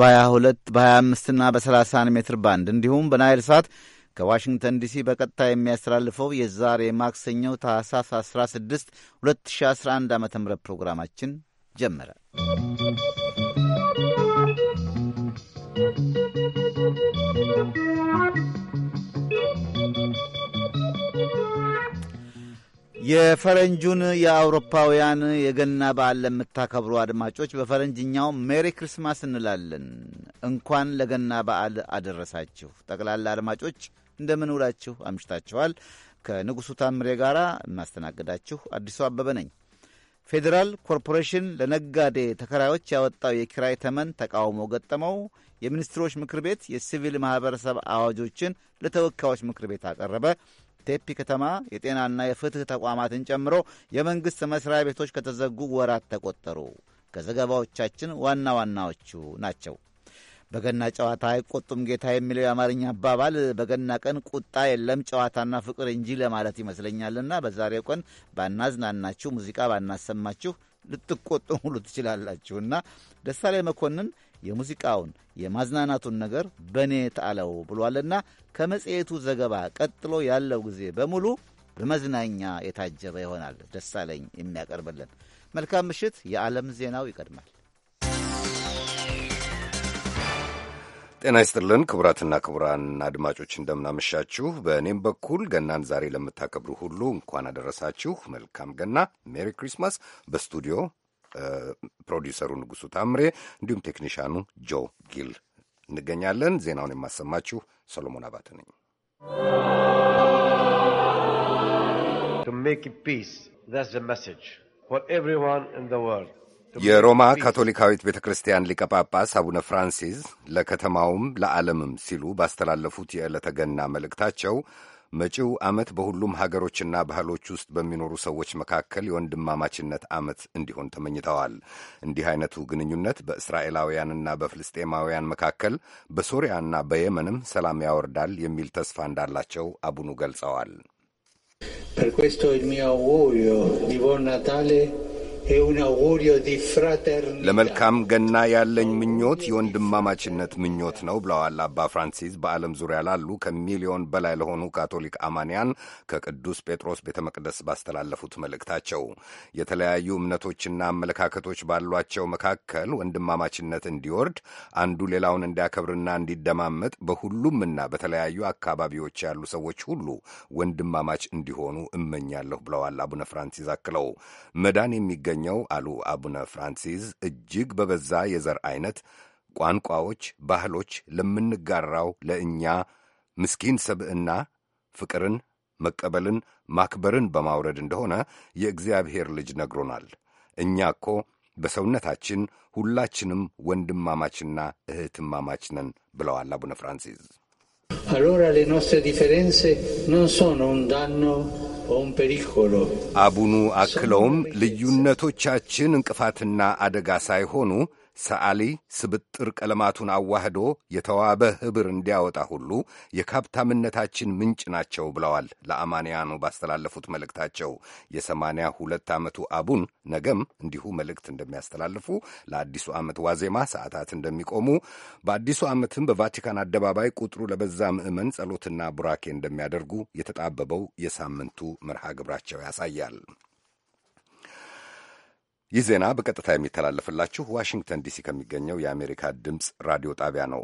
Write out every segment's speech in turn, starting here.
በ22 በ25ና በ 30 ሜትር ባንድ እንዲሁም በናይል ሳት ከዋሽንግተን ዲሲ በቀጥታ የሚያስተላልፈው የዛሬ ማክሰኘው ታህሳስ 16 2011 ዓ ም ፕሮግራማችን ጀመረ። የፈረንጁን የአውሮፓውያን የገና በዓል ለምታከብሩ አድማጮች በፈረንጅኛው ሜሪ ክርስማስ እንላለን። እንኳን ለገና በዓል አደረሳችሁ። ጠቅላላ አድማጮች እንደምን ውላችሁ አምሽታችኋል? ከንጉሡ ታምሬ ጋር የማስተናግዳችሁ አዲሱ አበበ ነኝ። ፌዴራል ኮርፖሬሽን ለነጋዴ ተከራዮች ያወጣው የኪራይ ተመን ተቃውሞ ገጠመው። የሚኒስትሮች ምክር ቤት የሲቪል ማኅበረሰብ አዋጆችን ለተወካዮች ምክር ቤት አቀረበ። ቴፒ ከተማ የጤናና የፍትህ ተቋማትን ጨምሮ የመንግሥት መስሪያ ቤቶች ከተዘጉ ወራት ተቆጠሩ። ከዘገባዎቻችን ዋና ዋናዎቹ ናቸው። በገና ጨዋታ አይቆጡም ጌታ የሚለው የአማርኛ አባባል በገና ቀን ቁጣ የለም ጨዋታና ፍቅር እንጂ ለማለት ይመስለኛልና በዛሬው ቀን ባናዝናናችሁ፣ ሙዚቃ ባናሰማችሁ ልትቆጡ ሁሉ ትችላላችሁና ደሳለኝ መኮንን የሙዚቃውን የማዝናናቱን ነገር በእኔ ጣለው ብሏልና ከመጽሔቱ ዘገባ ቀጥሎ ያለው ጊዜ በሙሉ በመዝናኛ የታጀበ ይሆናል። ደሳለኝ የሚያቀርብልን መልካም ምሽት። የዓለም ዜናው ይቀድማል። ጤና ይስጥልን ክቡራትና ክቡራን አድማጮች እንደምናመሻችሁ። በእኔም በኩል ገናን ዛሬ ለምታከብሩ ሁሉ እንኳን አደረሳችሁ። መልካም ገና፣ ሜሪ ክሪስማስ። በስቱዲዮ ፕሮዲውሰሩ ንጉሱ ታምሬ እንዲሁም ቴክኒሽያኑ ጆ ጊል እንገኛለን። ዜናውን የማሰማችሁ ሰሎሞን አባተ ነኝ። የሮማ ካቶሊካዊት ቤተ ክርስቲያን ሊቀ ጳጳስ አቡነ ፍራንሲስ ለከተማውም ለዓለምም ሲሉ ባስተላለፉት የዕለተ ገና መልእክታቸው መጪው ዓመት በሁሉም ሀገሮችና ባህሎች ውስጥ በሚኖሩ ሰዎች መካከል የወንድማማችነት ዓመት እንዲሆን ተመኝተዋል። እንዲህ አይነቱ ግንኙነት በእስራኤላውያንና በፍልስጤማውያን መካከል በሶሪያና በየመንም ሰላም ያወርዳል የሚል ተስፋ እንዳላቸው አቡኑ ገልጸዋል። ለመልካም ገና ያለኝ ምኞት የወንድማማችነት ምኞት ነው ብለዋል አባ ፍራንሲስ። በዓለም ዙሪያ ላሉ ከሚሊዮን በላይ ለሆኑ ካቶሊክ አማንያን ከቅዱስ ጴጥሮስ ቤተ መቅደስ ባስተላለፉት መልእክታቸው የተለያዩ እምነቶችና አመለካከቶች ባሏቸው መካከል ወንድማማችነት እንዲወርድ፣ አንዱ ሌላውን እንዲያከብርና እንዲደማመጥ፣ በሁሉምና በተለያዩ አካባቢዎች ያሉ ሰዎች ሁሉ ወንድማማች እንዲሆኑ እመኛለሁ ብለዋል አቡነ ፍራንሲስ አክለው መዳን የሚገ የሚገኘው አሉ አቡነ ፍራንሲስ እጅግ በበዛ የዘር አይነት፣ ቋንቋዎች፣ ባህሎች ለምንጋራው ለእኛ ምስኪን ሰብዕና ፍቅርን፣ መቀበልን፣ ማክበርን በማውረድ እንደሆነ የእግዚአብሔር ልጅ ነግሮናል። እኛ እኮ በሰውነታችን ሁላችንም ወንድማማችና እህትማማች ነን ብለዋል አቡነ ፍራንሲስ። አሎራ ሌ ኖስትሬ ዲፌሬንሴ ኖን ሶኖ ዳኖ አቡኑ አክለውም ልዩነቶቻችን እንቅፋትና አደጋ ሳይሆኑ ሰዓሊ ስብጥር ቀለማቱን አዋህዶ የተዋበ ኅብር እንዲያወጣ ሁሉ የካብታምነታችን ምንጭ ናቸው ብለዋል። ለአማንያኑ ባስተላለፉት መልእክታቸው የሰማንያ ሁለት ዓመቱ አቡን ነገም እንዲሁ መልእክት እንደሚያስተላልፉ፣ ለአዲሱ ዓመት ዋዜማ ሰዓታት እንደሚቆሙ፣ በአዲሱ ዓመትም በቫቲካን አደባባይ ቁጥሩ ለበዛ ምዕመን ጸሎትና ቡራኬ እንደሚያደርጉ የተጣበበው የሳምንቱ መርሃ ግብራቸው ያሳያል። ይህ ዜና በቀጥታ የሚተላለፍላችሁ ዋሽንግተን ዲሲ ከሚገኘው የአሜሪካ ድምፅ ራዲዮ ጣቢያ ነው።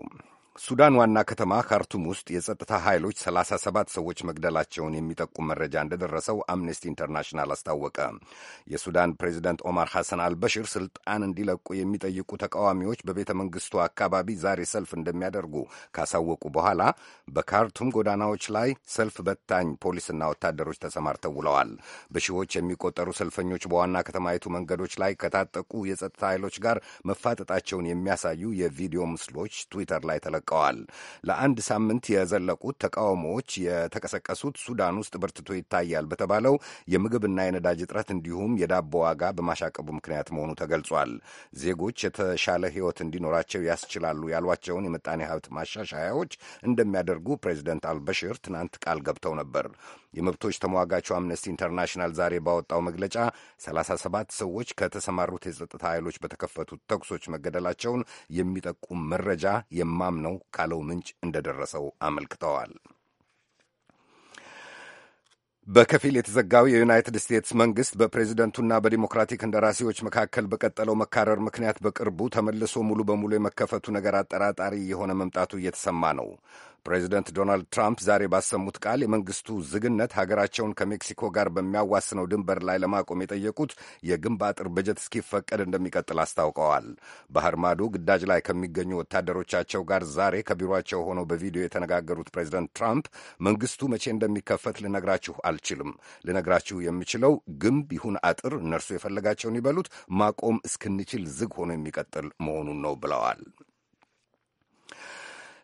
ሱዳን ዋና ከተማ ካርቱም ውስጥ የጸጥታ ኃይሎች 37 ሰዎች መግደላቸውን የሚጠቁም መረጃ እንደደረሰው አምነስቲ ኢንተርናሽናል አስታወቀ። የሱዳን ፕሬዚደንት ኦማር ሐሰን አልበሽር ስልጣን እንዲለቁ የሚጠይቁ ተቃዋሚዎች በቤተ መንግሥቱ አካባቢ ዛሬ ሰልፍ እንደሚያደርጉ ካሳወቁ በኋላ በካርቱም ጎዳናዎች ላይ ሰልፍ በታኝ ፖሊስና ወታደሮች ተሰማርተው ውለዋል። በሺዎች የሚቆጠሩ ሰልፈኞች በዋና ከተማይቱ መንገዶች ላይ ከታጠቁ የጸጥታ ኃይሎች ጋር መፋጠጣቸውን የሚያሳዩ የቪዲዮ ምስሎች ትዊተር ላይ ተለቀ አስጠንቅቀዋል። ለአንድ ሳምንት የዘለቁት ተቃውሞዎች የተቀሰቀሱት ሱዳን ውስጥ በርትቶ ይታያል በተባለው የምግብና የነዳጅ እጥረት እንዲሁም የዳቦ ዋጋ በማሻቀቡ ምክንያት መሆኑ ተገልጿል። ዜጎች የተሻለ ሕይወት እንዲኖራቸው ያስችላሉ ያሏቸውን የምጣኔ ሀብት ማሻሻያዎች እንደሚያደርጉ ፕሬዚደንት አልበሽር ትናንት ቃል ገብተው ነበር። የመብቶች ተሟጋቹ አምነስቲ ኢንተርናሽናል ዛሬ ባወጣው መግለጫ 37 ሰዎች ከተሰማሩት የጸጥታ ኃይሎች በተከፈቱት ተኩሶች መገደላቸውን የሚጠቁም መረጃ የማምነው ካለው ምንጭ እንደደረሰው አመልክተዋል። በከፊል የተዘጋው የዩናይትድ ስቴትስ መንግሥት በፕሬዚደንቱና በዲሞክራቲክ እንደራሴዎች መካከል በቀጠለው መካረር ምክንያት በቅርቡ ተመልሶ ሙሉ በሙሉ የመከፈቱ ነገር አጠራጣሪ የሆነ መምጣቱ እየተሰማ ነው። ፕሬዚደንት ዶናልድ ትራምፕ ዛሬ ባሰሙት ቃል የመንግስቱ ዝግነት ሀገራቸውን ከሜክሲኮ ጋር በሚያዋስነው ድንበር ላይ ለማቆም የጠየቁት የግንብ አጥር በጀት እስኪፈቀድ እንደሚቀጥል አስታውቀዋል። ባህር ማዶ ግዳጅ ላይ ከሚገኙ ወታደሮቻቸው ጋር ዛሬ ከቢሮቸው ሆነው በቪዲዮ የተነጋገሩት ፕሬዚደንት ትራምፕ መንግስቱ መቼ እንደሚከፈት ልነግራችሁ አልችልም። ልነግራችሁ የምችለው ግንብ ይሁን አጥር እነርሱ የፈለጋቸውን ይበሉት ማቆም እስክንችል ዝግ ሆኖ የሚቀጥል መሆኑን ነው ብለዋል።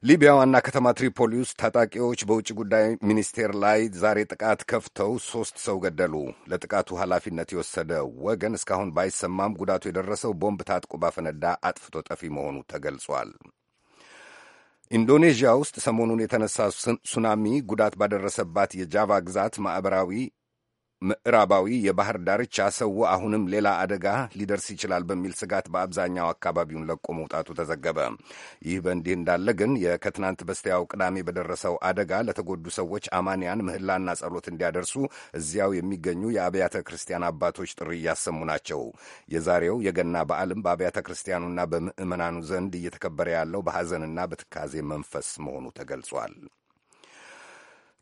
ሊቢያ ዋና ከተማ ትሪፖሊ ውስጥ ታጣቂዎች በውጭ ጉዳይ ሚኒስቴር ላይ ዛሬ ጥቃት ከፍተው ሦስት ሰው ገደሉ። ለጥቃቱ ኃላፊነት የወሰደ ወገን እስካሁን ባይሰማም ጉዳቱ የደረሰው ቦምብ ታጥቆ ባፈነዳ አጥፍቶ ጠፊ መሆኑ ተገልጿል። ኢንዶኔዥያ ውስጥ ሰሞኑን የተነሳ ሱናሚ ጉዳት ባደረሰባት የጃቫ ግዛት ማኅበራዊ ምዕራባዊ የባህር ዳርቻ ሰው አሁንም ሌላ አደጋ ሊደርስ ይችላል በሚል ስጋት በአብዛኛው አካባቢውን ለቆ መውጣቱ ተዘገበ። ይህ በእንዲህ እንዳለ ግን የከትናንት በስቲያው ቅዳሜ በደረሰው አደጋ ለተጎዱ ሰዎች አማንያን ምህላና ጸሎት እንዲያደርሱ እዚያው የሚገኙ የአብያተ ክርስቲያን አባቶች ጥሪ እያሰሙ ናቸው። የዛሬው የገና በዓልም በአብያተ ክርስቲያኑና በምዕመናኑ ዘንድ እየተከበረ ያለው በሐዘንና በትካዜ መንፈስ መሆኑ ተገልጿል።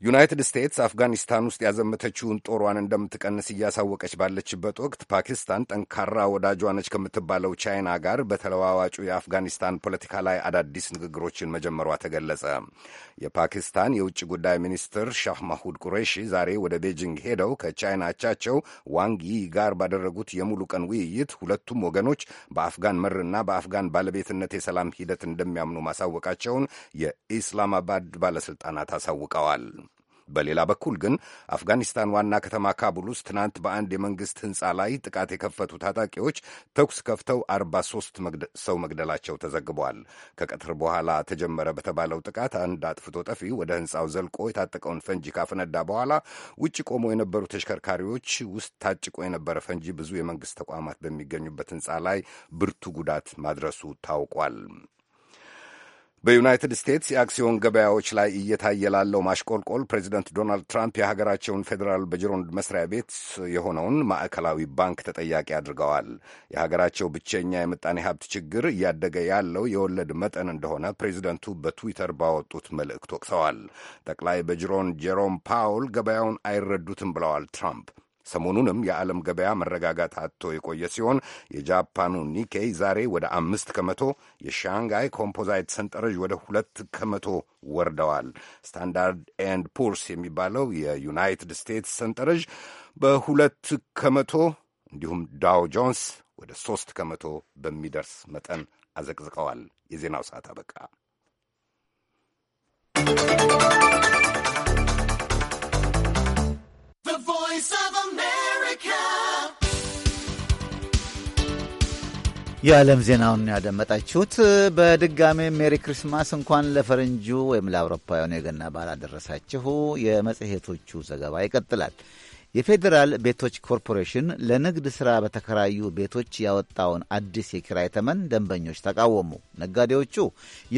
ዩናይትድ ስቴትስ አፍጋኒስታን ውስጥ ያዘመተችውን ጦሯን እንደምትቀንስ እያሳወቀች ባለችበት ወቅት ፓኪስታን ጠንካራ ወዳጇ ነች ከምትባለው ቻይና ጋር በተለዋዋጩ የአፍጋኒስታን ፖለቲካ ላይ አዳዲስ ንግግሮችን መጀመሯ ተገለጸ። የፓኪስታን የውጭ ጉዳይ ሚኒስትር ሻህ ማሁድ ቁሬሺ ዛሬ ወደ ቤጂንግ ሄደው ከቻይና አቻቸው ዋንግ ይ ጋር ባደረጉት የሙሉ ቀን ውይይት ሁለቱም ወገኖች በአፍጋን መርና በአፍጋን ባለቤትነት የሰላም ሂደት እንደሚያምኑ ማሳወቃቸውን የኢስላማባድ ባለሥልጣናት አሳውቀዋል። በሌላ በኩል ግን አፍጋኒስታን ዋና ከተማ ካቡል ውስጥ ትናንት በአንድ የመንግሥት ሕንፃ ላይ ጥቃት የከፈቱ ታጣቂዎች ተኩስ ከፍተው 43 ሰው መግደላቸው ተዘግቧል። ከቀትር በኋላ ተጀመረ በተባለው ጥቃት አንድ አጥፍቶ ጠፊ ወደ ሕንፃው ዘልቆ የታጠቀውን ፈንጂ ካፈነዳ በኋላ ውጭ ቆሞ የነበሩ ተሽከርካሪዎች ውስጥ ታጭቆ የነበረ ፈንጂ ብዙ የመንግሥት ተቋማት በሚገኙበት ሕንፃ ላይ ብርቱ ጉዳት ማድረሱ ታውቋል። በዩናይትድ ስቴትስ የአክሲዮን ገበያዎች ላይ እየታየ ላለው ማሽቆልቆል ፕሬዚደንት ዶናልድ ትራምፕ የሀገራቸውን ፌዴራል በጅሮንድ መስሪያ ቤት የሆነውን ማዕከላዊ ባንክ ተጠያቂ አድርገዋል። የሀገራቸው ብቸኛ የምጣኔ ሀብት ችግር እያደገ ያለው የወለድ መጠን እንደሆነ ፕሬዚደንቱ በትዊተር ባወጡት መልእክት ወቅሰዋል። ጠቅላይ በጅሮን ጄሮም ፓውል ገበያውን አይረዱትም ብለዋል ትራምፕ ሰሞኑንም የዓለም ገበያ መረጋጋት አጥቶ የቆየ ሲሆን የጃፓኑ ኒኬይ ዛሬ ወደ አምስት ከመቶ የሻንጋይ ኮምፖዛይት ሰንጠረዥ ወደ ሁለት ከመቶ ወርደዋል። ስታንዳርድ ኤንድ ፑርስ የሚባለው የዩናይትድ ስቴትስ ሰንጠረዥ በሁለት ከመቶ እንዲሁም ዳው ጆንስ ወደ ሦስት ከመቶ በሚደርስ መጠን አዘቅዝቀዋል። የዜናው ሰዓት አበቃ። የዓለም ዜናውን ያደመጣችሁት። በድጋሜ ሜሪ ክሪስማስ እንኳን ለፈረንጁ ወይም ለአውሮፓውያኑ የገና በዓል አደረሳችሁ። የመጽሔቶቹ ዘገባ ይቀጥላል። የፌዴራል ቤቶች ኮርፖሬሽን ለንግድ ሥራ በተከራዩ ቤቶች ያወጣውን አዲስ የኪራይ ተመን ደንበኞች ተቃወሙ። ነጋዴዎቹ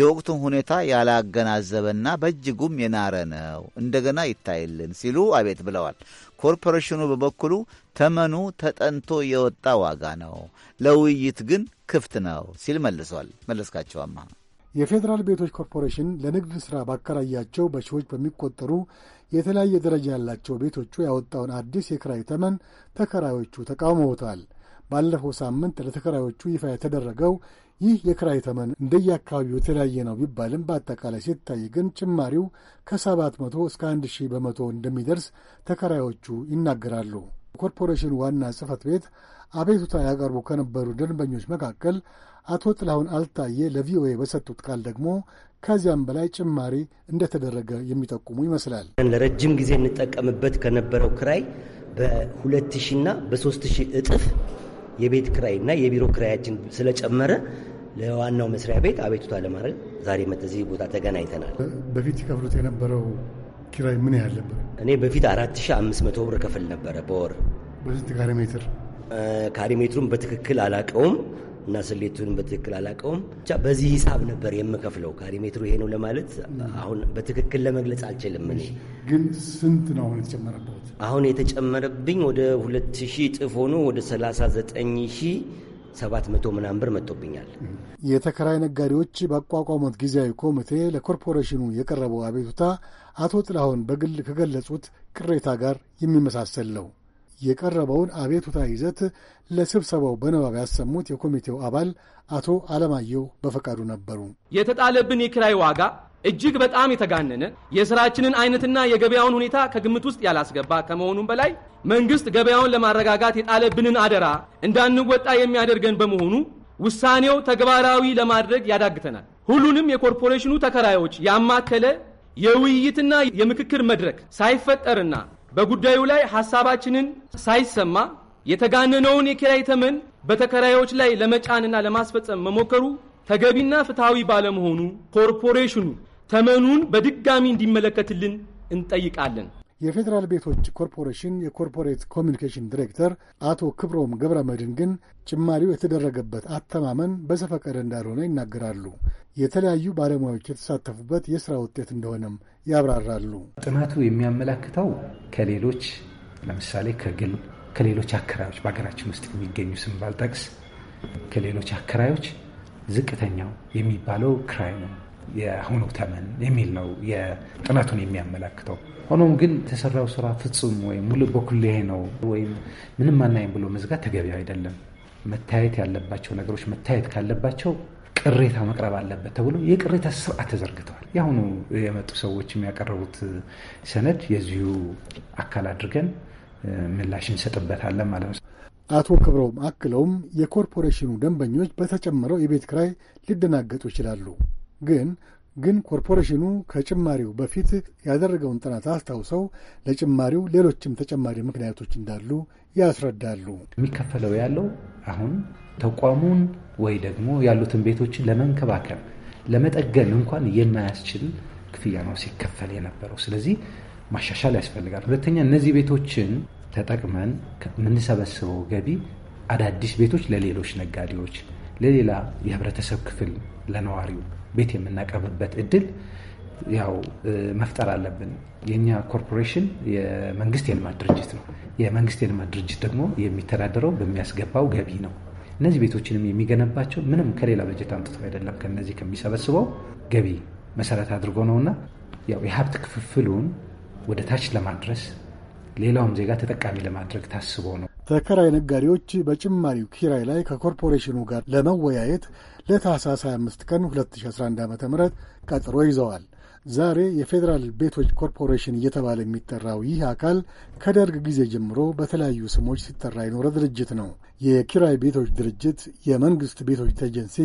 የወቅቱን ሁኔታ ያላገናዘበና በእጅጉም የናረ ነው፣ እንደገና ይታይልን ሲሉ አቤት ብለዋል። ኮርፖሬሽኑ በበኩሉ ተመኑ ተጠንቶ የወጣ ዋጋ ነው፣ ለውይይት ግን ክፍት ነው ሲል መልሷል። መለስካቸው አማ የፌዴራል ቤቶች ኮርፖሬሽን ለንግድ ሥራ ባከራያቸው በሺዎች በሚቆጠሩ የተለያየ ደረጃ ያላቸው ቤቶቹ ያወጣውን አዲስ የክራይ ተመን ተከራዮቹ ተቃውመውታል። ባለፈው ሳምንት ለተከራዮቹ ይፋ የተደረገው ይህ የክራይ ተመን እንደየአካባቢው የተለያየ ነው ቢባልም በአጠቃላይ ሲታይ ግን ጭማሪው ከሰባት መቶ እስከ አንድ ሺህ በመቶ እንደሚደርስ ተከራዮቹ ይናገራሉ። ኮርፖሬሽን ዋና ጽህፈት ቤት አቤቱታ ያቀርቡ ከነበሩ ደንበኞች መካከል አቶ ጥላሁን አልታየ ለቪኦኤ በሰጡት ቃል ደግሞ ከዚያም በላይ ጭማሪ እንደተደረገ የሚጠቁሙ ይመስላል። ለረጅም ጊዜ እንጠቀምበት ከነበረው ክራይ በ2000 እና በ3000 እጥፍ የቤት ክራይ እና የቢሮ ክራያችን ስለጨመረ ለዋናው መስሪያ ቤት አቤቱታ ለማድረግ ዛሬ መጠዚህ ቦታ ተገናኝተናል። በፊት ይከፍሉት የነበረው ኪራይ ምን ያህል ነበር? እኔ በፊት 4500 ብር ከፍል ነበረ በወር። በስንት ካሬ ሜትር? ካሬ ሜትሩን በትክክል አላቀውም እና ስሌቱን በትክክል አላቀውም። ብቻ በዚህ ሂሳብ ነበር የምከፍለው። ካሬ ሜትሩ ይሄ ነው ለማለት አሁን በትክክል ለመግለጽ አልችልም። እኔ ግን ስንት ነው አሁን የተጨመረበት? አሁን የተጨመረብኝ ወደ 2000 እጥፍ ሆኖ ወደ 39 ሺህ ሰባት መቶ ምናምን ብር መጥቶብኛል። የተከራይ ነጋዴዎች ባቋቋሙት ጊዜያዊ ኮሚቴ ለኮርፖሬሽኑ የቀረበው አቤቱታ አቶ ጥላሁን በግል ከገለጹት ቅሬታ ጋር የሚመሳሰል ነው። የቀረበውን አቤቱታ ይዘት ለስብሰባው በንባብ ያሰሙት የኮሚቴው አባል አቶ አለማየሁ በፈቃዱ ነበሩ። የተጣለብን የኪራይ ዋጋ እጅግ በጣም የተጋነነ የስራችንን አይነትና የገበያውን ሁኔታ ከግምት ውስጥ ያላስገባ ከመሆኑም በላይ መንግስት ገበያውን ለማረጋጋት የጣለብንን አደራ እንዳንወጣ የሚያደርገን በመሆኑ ውሳኔው ተግባራዊ ለማድረግ ያዳግተናል። ሁሉንም የኮርፖሬሽኑ ተከራዮች ያማከለ የውይይትና የምክክር መድረክ ሳይፈጠርና በጉዳዩ ላይ ሐሳባችንን ሳይሰማ የተጋነነውን የኪራይ ተመን በተከራዮች ላይ ለመጫንና ለማስፈጸም መሞከሩ ተገቢና ፍትሐዊ ባለመሆኑ ኮርፖሬሽኑ ተመኑን በድጋሚ እንዲመለከትልን እንጠይቃለን። የፌዴራል ቤቶች ኮርፖሬሽን የኮርፖሬት ኮሚኒኬሽን ዲሬክተር አቶ ክብሮም ገብረ መድን ግን ጭማሪው የተደረገበት አተማመን በዘፈቀደ እንዳልሆነ ይናገራሉ። የተለያዩ ባለሙያዎች የተሳተፉበት የስራ ውጤት እንደሆነም ያብራራሉ። ጥናቱ የሚያመላክተው ከሌሎች ለምሳሌ ከግል ከሌሎች አከራዮች በሀገራችን ውስጥ የሚገኙ ስም ባልጠቅስ ከሌሎች አከራዮች ዝቅተኛው የሚባለው ክራይ ነው የአሁኑ ተመን የሚል ነው የጥናቱን የሚያመላክተው። ሆኖም ግን የተሰራው ስራ ፍጹም ወይም ሙሉ በኩሌ ነው ወይም ምንም አናይም ብሎ መዝጋት ተገቢ አይደለም። መታየት ያለባቸው ነገሮች መታየት ካለባቸው ቅሬታ መቅረብ አለበት ተብሎ የቅሬታ ስርዓት ተዘርግተዋል። የአሁኑ የመጡ ሰዎች የሚያቀርቡት ሰነድ የዚሁ አካል አድርገን ምላሽ እንሰጥበታለን ማለት ነው። አቶ ክብረውም አክለውም የኮርፖሬሽኑ ደንበኞች በተጨመረው የቤት ክራይ ሊደናገጡ ይችላሉ። ግን ግን ኮርፖሬሽኑ ከጭማሪው በፊት ያደረገውን ጥናት አስታውሰው ለጭማሪው ሌሎችም ተጨማሪ ምክንያቶች እንዳሉ ያስረዳሉ። የሚከፈለው ያለው አሁን ተቋሙን ወይ ደግሞ ያሉትን ቤቶችን ለመንከባከብ ለመጠገን እንኳን የማያስችል ክፍያ ነው ሲከፈል የነበረው። ስለዚህ ማሻሻል ያስፈልጋል። ሁለተኛ እነዚህ ቤቶችን ተጠቅመን ከምንሰበስበው ገቢ አዳዲስ ቤቶች ለሌሎች ነጋዴዎች፣ ለሌላ የህብረተሰብ ክፍል ለነዋሪው ቤት የምናቀርብበት እድል ያው መፍጠር አለብን። የኛ ኮርፖሬሽን የመንግስት የልማት ድርጅት ነው። የመንግስት የልማት ድርጅት ደግሞ የሚተዳደረው በሚያስገባው ገቢ ነው። እነዚህ ቤቶችንም የሚገነባቸው ምንም ከሌላ በጀት አምጥቶ አይደለም፣ ከነዚህ ከሚሰበስበው ገቢ መሰረት አድርጎ ነውና ያው የሀብት ክፍፍሉን ወደ ታች ለማድረስ ሌላውም ዜጋ ተጠቃሚ ለማድረግ ታስቦ ነው። ተከራይ ነጋዴዎች በጭማሪው ኪራይ ላይ ከኮርፖሬሽኑ ጋር ለመወያየት ለታህሳስ 25 ቀን 2011 ዓ ም ቀጠሮ ይዘዋል። ዛሬ የፌዴራል ቤቶች ኮርፖሬሽን እየተባለ የሚጠራው ይህ አካል ከደርግ ጊዜ ጀምሮ በተለያዩ ስሞች ሲጠራ የኖረ ድርጅት ነው። የኪራይ ቤቶች ድርጅት፣ የመንግሥት ቤቶች ኤጀንሲ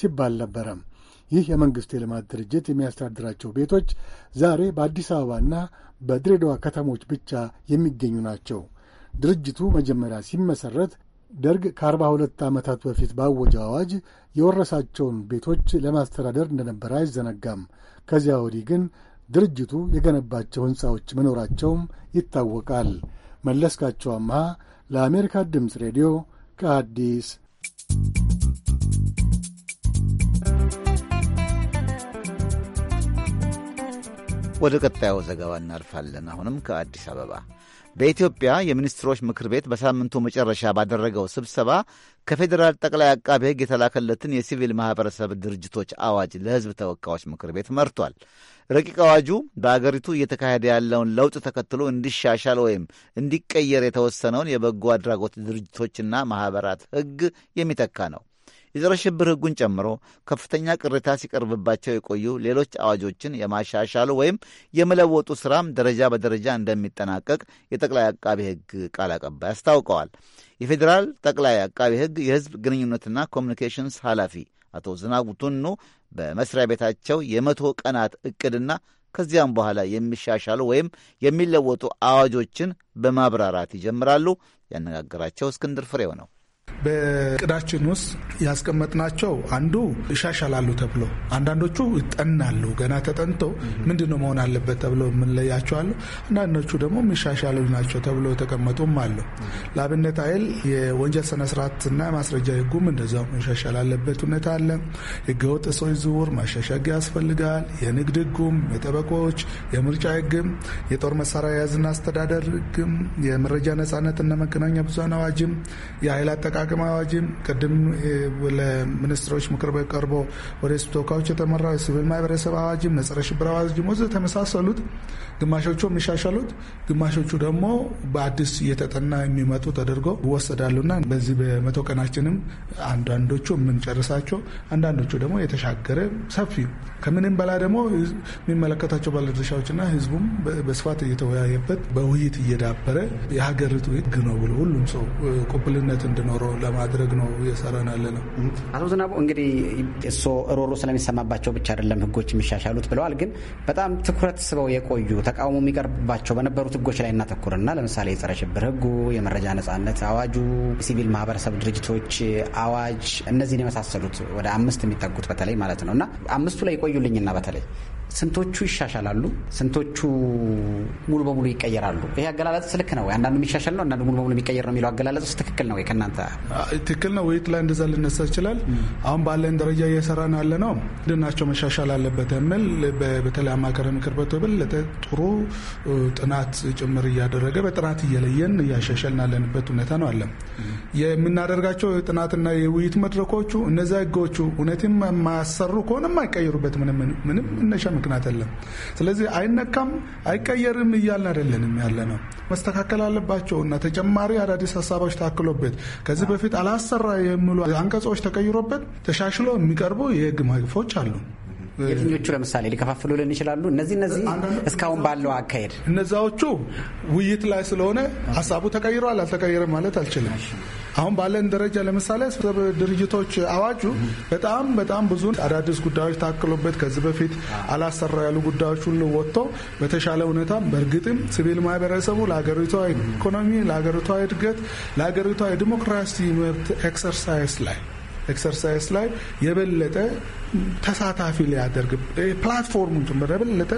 ሲባል ነበረም። ይህ የመንግሥት የልማት ድርጅት የሚያስተዳድራቸው ቤቶች ዛሬ በአዲስ አበባና በድሬዳዋ ከተሞች ብቻ የሚገኙ ናቸው። ድርጅቱ መጀመሪያ ሲመሠረት ደርግ ከ42 ዓመታት በፊት ባወጀ አዋጅ የወረሳቸውን ቤቶች ለማስተዳደር እንደነበረ አይዘነጋም። ከዚያ ወዲህ ግን ድርጅቱ የገነባቸው ሕንፃዎች መኖራቸውም ይታወቃል። መለስካቸው አምሃ ለአሜሪካ ድምፅ ሬዲዮ ከአዲስ ወደ ቀጣዩ ዘገባ እናልፋለን። አሁንም ከአዲስ አበባ በኢትዮጵያ የሚኒስትሮች ምክር ቤት በሳምንቱ መጨረሻ ባደረገው ስብሰባ ከፌዴራል ጠቅላይ አቃቤ ሕግ የተላከለትን የሲቪል ማህበረሰብ ድርጅቶች አዋጅ ለሕዝብ ተወካዮች ምክር ቤት መርቷል። ረቂቅ አዋጁ በአገሪቱ እየተካሄደ ያለውን ለውጥ ተከትሎ እንዲሻሻል ወይም እንዲቀየር የተወሰነውን የበጎ አድራጎት ድርጅቶችና ማህበራት ሕግ የሚተካ ነው። የጸረ ሽብር ሕጉን ጨምሮ ከፍተኛ ቅሬታ ሲቀርብባቸው የቆዩ ሌሎች አዋጆችን የማሻሻሉ ወይም የመለወጡ ስራም ደረጃ በደረጃ እንደሚጠናቀቅ የጠቅላይ አቃቢ ሕግ ቃል አቀባይ አስታውቀዋል። የፌዴራል ጠቅላይ አቃቢ ሕግ የህዝብ ግንኙነትና ኮሚኒኬሽንስ ኃላፊ አቶ ዝናቡ ቱኑ በመስሪያ ቤታቸው የመቶ ቀናት እቅድና ከዚያም በኋላ የሚሻሻሉ ወይም የሚለወጡ አዋጆችን በማብራራት ይጀምራሉ። ያነጋገራቸው እስክንድር ፍሬው ነው። በቅዳችን ውስጥ ያስቀመጥናቸው አንዱ ይሻሻላሉ ተብሎ አንዳንዶቹ ይጠናሉ ገና ተጠንተው ምንድነው መሆን አለበት ተብሎ የምንለያቸው አሉ። አንዳንዶቹ ደግሞ የሚሻሻሉ ናቸው ተብሎ የተቀመጡም አሉ። ለአብነት ኃይል የወንጀል ስነስርዓትና ማስረጃ ህጉም እንደዛው መሻሻል አለበት ሁኔታ አለ። ህገወጥ ሰዎች ዝውውር ማሻሻጊያ ያስፈልጋል። የንግድ ህጉም፣ የጠበቆች የምርጫ ህግም፣ የጦር መሳሪያ የያዝና አስተዳደር ህግም፣ የመረጃ ነጻነትና መገናኛ ብዙሃን አዋጅም፣ የኃይል አጠቃቀም አዋጅም ቅድም ለሚኒስትሮች ምክር ቤት ቀርቦ ወደ ህዝብ ተወካዮች የተመራው የሲቪል ማህበረሰብ አዋጅም የጸረ ሽብር አዋጅም ወዘተ ተመሳሰሉት ግማሾቹ የሚሻሻሉት ግማሾቹ ደግሞ በአዲስ እየተጠና የሚመጡ ተደርጎ ይወሰዳሉና በዚህ በመቶ ቀናችንም አንዳንዶቹ የምንጨርሳቸው አንዳንዶቹ ደግሞ የተሻገረ ሰፊ ከምንም በላይ ደግሞ የሚመለከታቸው ባለድርሻዎችና ህዝቡም በስፋት እየተወያየበት በውይይት እየዳበረ የሀገሪቱ ህግ ነው ብሎ ሁሉም ሰው ቁብልነት እንዲኖረ ሮሮ ለማድረግ ነው እየሰራን ያለ ነው። አቶ ዝናቡ እንግዲህ እሶ ሮሮ ስለሚሰማባቸው ብቻ አይደለም ህጎች የሚሻሻሉት ብለዋል። ግን በጣም ትኩረት ስበው የቆዩ ተቃውሞ የሚቀርብባቸው በነበሩት ህጎች ላይ እናተኩርና ለምሳሌ የጸረ ሽብር ህጉ፣ የመረጃ ነጻነት አዋጁ፣ ሲቪል ማህበረሰብ ድርጅቶች አዋጅ፣ እነዚህን የመሳሰሉት ወደ አምስት የሚጠጉት በተለይ ማለት ነው እና አምስቱ ላይ ይቆዩልኝና በተለይ ስንቶቹ ይሻሻላሉ፣ ስንቶቹ ሙሉ በሙሉ ይቀየራሉ? ይህ አገላለጽ ስልክ ነው? አንዳንዱ የሚሻሻል ነው፣ አንዳንዱ ሙሉ በሙሉ የሚቀየር ነው የሚለው አገላለጽ ውስጥ ትክክል ነው ወይ? ከእናንተ ትክክል ነው ውይይት ላይ እንደዛ ልነሳ ይችላል። አሁን ባለን ደረጃ እየሰራ ነው ያለ ነው ድናቸው መሻሻል አለበት የሚል በተለይ አማካሪ ምክር ቤቱ በለጠ ጥሩ ጥናት ጭምር እያደረገ በጥናት እየለየን እያሻሻልን ያለንበት ሁኔታ ነው አለ የምናደርጋቸው የጥናትና የውይይት መድረኮቹ እነዚያ ህጎቹ እውነትም ማያሰሩ ከሆነ የማይቀይሩበት ምንም ምንም እነሻ ምክንያት አይደለም። ስለዚህ አይነካም፣ አይቀየርም እያልን አይደለንም ያለ ነው። መስተካከል አለባቸውና ተጨማሪ አዳዲስ ሀሳቦች ታክሎበት ከዚህ በፊት አላሰራ የሚሉ አንቀጾች ተቀይሮበት ተሻሽሎ የሚቀርቡ የህግ ማዕቀፎች አሉ። የትኞቹ ለምሳሌ ሊከፋፍሉልን ይችላሉ? እነዚህ እነዚህ እስካሁን ባለው አካሄድ እነዛዎቹ ውይይት ላይ ስለሆነ ሀሳቡ ተቀይሯል አልተቀየረም ማለት አልችልም። አሁን ባለን ደረጃ ለምሳሌ ድርጅቶች አዋጁ በጣም በጣም ብዙ አዳዲስ ጉዳዮች ታክሎበት ከዚህ በፊት አላሰራ ያሉ ጉዳዮች ሁሉ ወጥቶ በተሻለ ሁኔታ በእርግጥም ሲቪል ማህበረሰቡ ለሀገሪቷ ኢኮኖሚ፣ ለሀገሪቷ እድገት፣ ለሀገሪቷ የዲሞክራሲ መብት ኤክሰርሳይዝ ላይ ኤክሰርሳይዝ ላይ የበለጠ ተሳታፊ ሊያደርግ ፕላትፎርሙን የበለጠ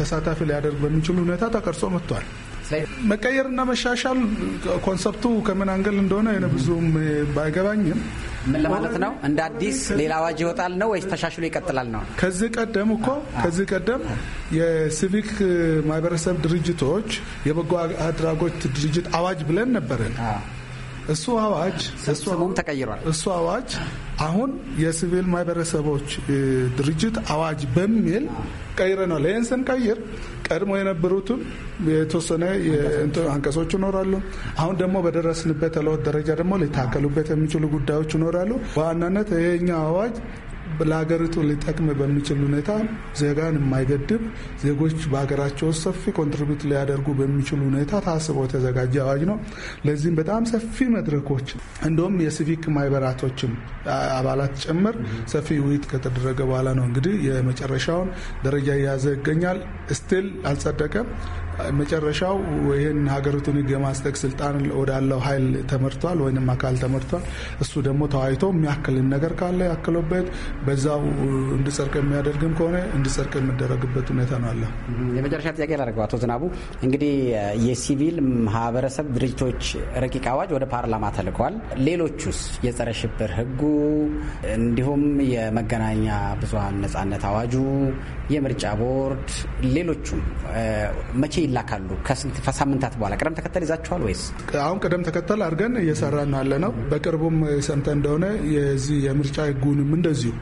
ተሳታፊ ሊያደርግ በሚችል ሁኔታ ተቀርጾ መጥቷል። መቀየርና መሻሻል ኮንሰፕቱ ከምን አንገል እንደሆነ ብዙም ባይገባኝም ምን ለማለት ነው? እንደ አዲስ ሌላ አዋጅ ይወጣል ነው ወይስ ተሻሽሎ ይቀጥላል ነው? ከዚህ ቀደም እኮ ከዚህ ቀደም የሲቪክ ማህበረሰብ ድርጅቶች የበጎ አድራጎት ድርጅት አዋጅ ብለን ነበረን። እሱ አዋጅ ስሙም ተቀይሯል። እሱ አዋጅ አሁን የሲቪል ማህበረሰቦች ድርጅት አዋጅ በሚል ቀይረነዋል። ይህን ስንቀይር ቀድሞ የነበሩትም የተወሰነ አንቀሶች ይኖራሉ። አሁን ደግሞ በደረስንበት ለውጥ ደረጃ ደግሞ ሊታከሉበት የሚችሉ ጉዳዮች ይኖራሉ። በዋናነት ይሄኛው አዋጅ ለሀገሪቱ ሊጠቅም በሚችል ሁኔታ ዜጋን የማይገድብ ዜጎች በሀገራቸው ውስጥ ሰፊ ኮንትሪቢዩት ሊያደርጉ በሚችል ሁኔታ ታስቦ የተዘጋጀ አዋጅ ነው። ለዚህም በጣም ሰፊ መድረኮች እንደውም የሲቪክ ማህበራቶችም አባላት ጭምር ሰፊ ውይይት ከተደረገ በኋላ ነው እንግዲህ የመጨረሻውን ደረጃ እየያዘ ይገኛል። ስቲል አልጸደቀም። መጨረሻው ይህን ሀገሪቱን ህግ የማስጠቅ ስልጣን ወዳለው ኃይል ተመርቷል ወይም አካል ተመርቷል። እሱ ደግሞ ተዋይቶ የሚያክልን ነገር ካለ ያክሎበት በዛው እንዲጸድቅ የሚያደርግም ከሆነ እንዲጸድቅ የሚደረግበት ሁኔታ ነው አለ። የመጨረሻ ጥያቄ ላደርገው አቶ ዝናቡ እንግዲህ የሲቪል ማህበረሰብ ድርጅቶች ረቂቅ አዋጅ ወደ ፓርላማ ተልከዋል። ሌሎቹስ የጸረ ሽብር ህጉ እንዲሁም የመገናኛ ብዙሀን ነጻነት አዋጁ፣ የምርጫ ቦርድ ሌሎቹም መቼ ይላካሉ? ከሳምንታት በኋላ ቅደም ተከተል ይዛችኋል ወይስ? አሁን ቅደም ተከተል አድርገን እየሰራ ነው ያለ ነው። በቅርቡም ሰምተ እንደሆነ የዚህ የምርጫ ህጉንም እንደዚሁ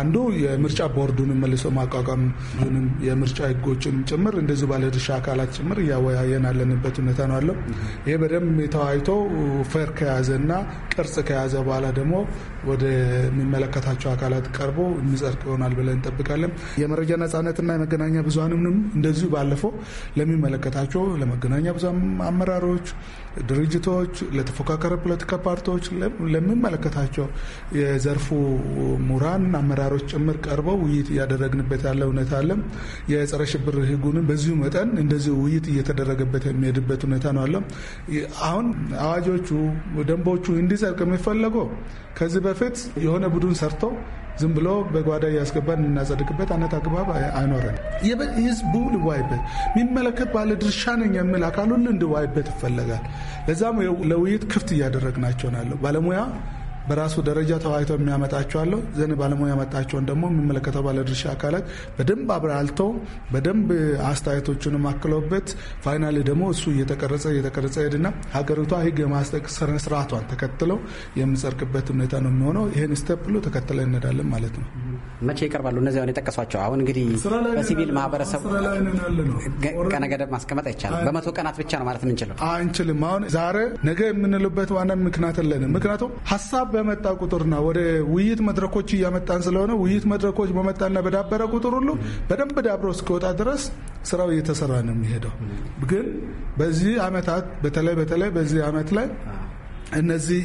አንዱ የምርጫ ቦርዱንም መልሶ ማቋቋም የምርጫ ህጎችንም ጭምር እንደዚሁ ባለድርሻ አካላት ጭምር እያወያየን ያለንበት ሁኔታ ነው አለው። ይሄ በደንብ ተወያይቶ ፌር ከያዘና ቅርጽ ከያዘ በኋላ ደግሞ ወደሚመለከታቸው አካላት ቀርቦ የሚጸድቅ ይሆናል ብለን እንጠብቃለን። የመረጃ ነጻነትና የመገናኛ ብዙሀንንም እንደዚሁ ባለፈው ለሚመለከታቸው ለመገናኛ ብዙሃን አመራሮች፣ ድርጅቶች፣ ለተፎካካሪ ፖለቲካ ፓርቲዎች፣ ለሚመለከታቸው የዘርፉ ምሁራን አመራሮች ጭምር ቀርበው ውይይት እያደረግንበት ያለ እውነታ አለ። የጸረ ሽብር ህጉንም በዚሁ መጠን እንደዚሁ ውይይት እየተደረገበት የሚሄድበት ሁኔታ ነው አለ። አሁን አዋጆቹ፣ ደንቦቹ እንዲጸድቅ የሚፈለገው ከዚህ በፊት የሆነ ቡድን ሰርተው ዝም ብሎ በጓዳ እያስገባን የምናጸድቅበት አይነት አግባብ አይኖረን። ህዝቡ ልዋይበት የሚመለከት ባለ ድርሻ ነኝ የሚል አካል ሁሉ እንዲዋይበት ይፈለጋል። ለዛም ለውይይት ክፍት እያደረግናቸው ናቸው ባለሙያ በራሱ ደረጃ ተዋይቶ የሚያመጣቸዋለሁ ዘን ባለሙያ ያመጣቸውን ደግሞ የሚመለከተው ባለድርሻ አካላት በደንብ አብራልተው በደንብ አስተያየቶቹን አክለውበት ፋይናሌ ደግሞ እሱ እየተቀረጸ እየተቀረጸ ሄድና ሀገሪቷ ህግ የማስጠቅ ስርዓቷን ተከትለው የምንጸድቅበት ሁኔታ ነው የሚሆነው። ይህን ስቴፕ ብሎ ተከትለ እንሄዳለን ማለት ነው። መቼ ይቀርባሉ እነዚህ አሁን የጠቀሷቸው? አሁን እንግዲህ በሲቪል ማህበረሰቡ ቀነ ገደብ ማስቀመጥ አይቻልም። በመቶ ቀናት ብቻ ነው ማለት የምንችለው አንችልም። አሁን ዛሬ ነገ የምንልበት ዋና ምክንያት የለንም። ምክንያቱም ሀሳብ በመጣ ቁጥርና ወደ ውይይት መድረኮች እያመጣን ስለሆነ ውይይት መድረኮች በመጣና በዳበረ ቁጥር ሁሉ በደንብ ዳብሮ እስከወጣ ድረስ ስራው እየተሰራ ነው የሚሄደው። ግን በዚህ አመታት በተለይ በተለይ በዚህ አመት ላይ እነዚህ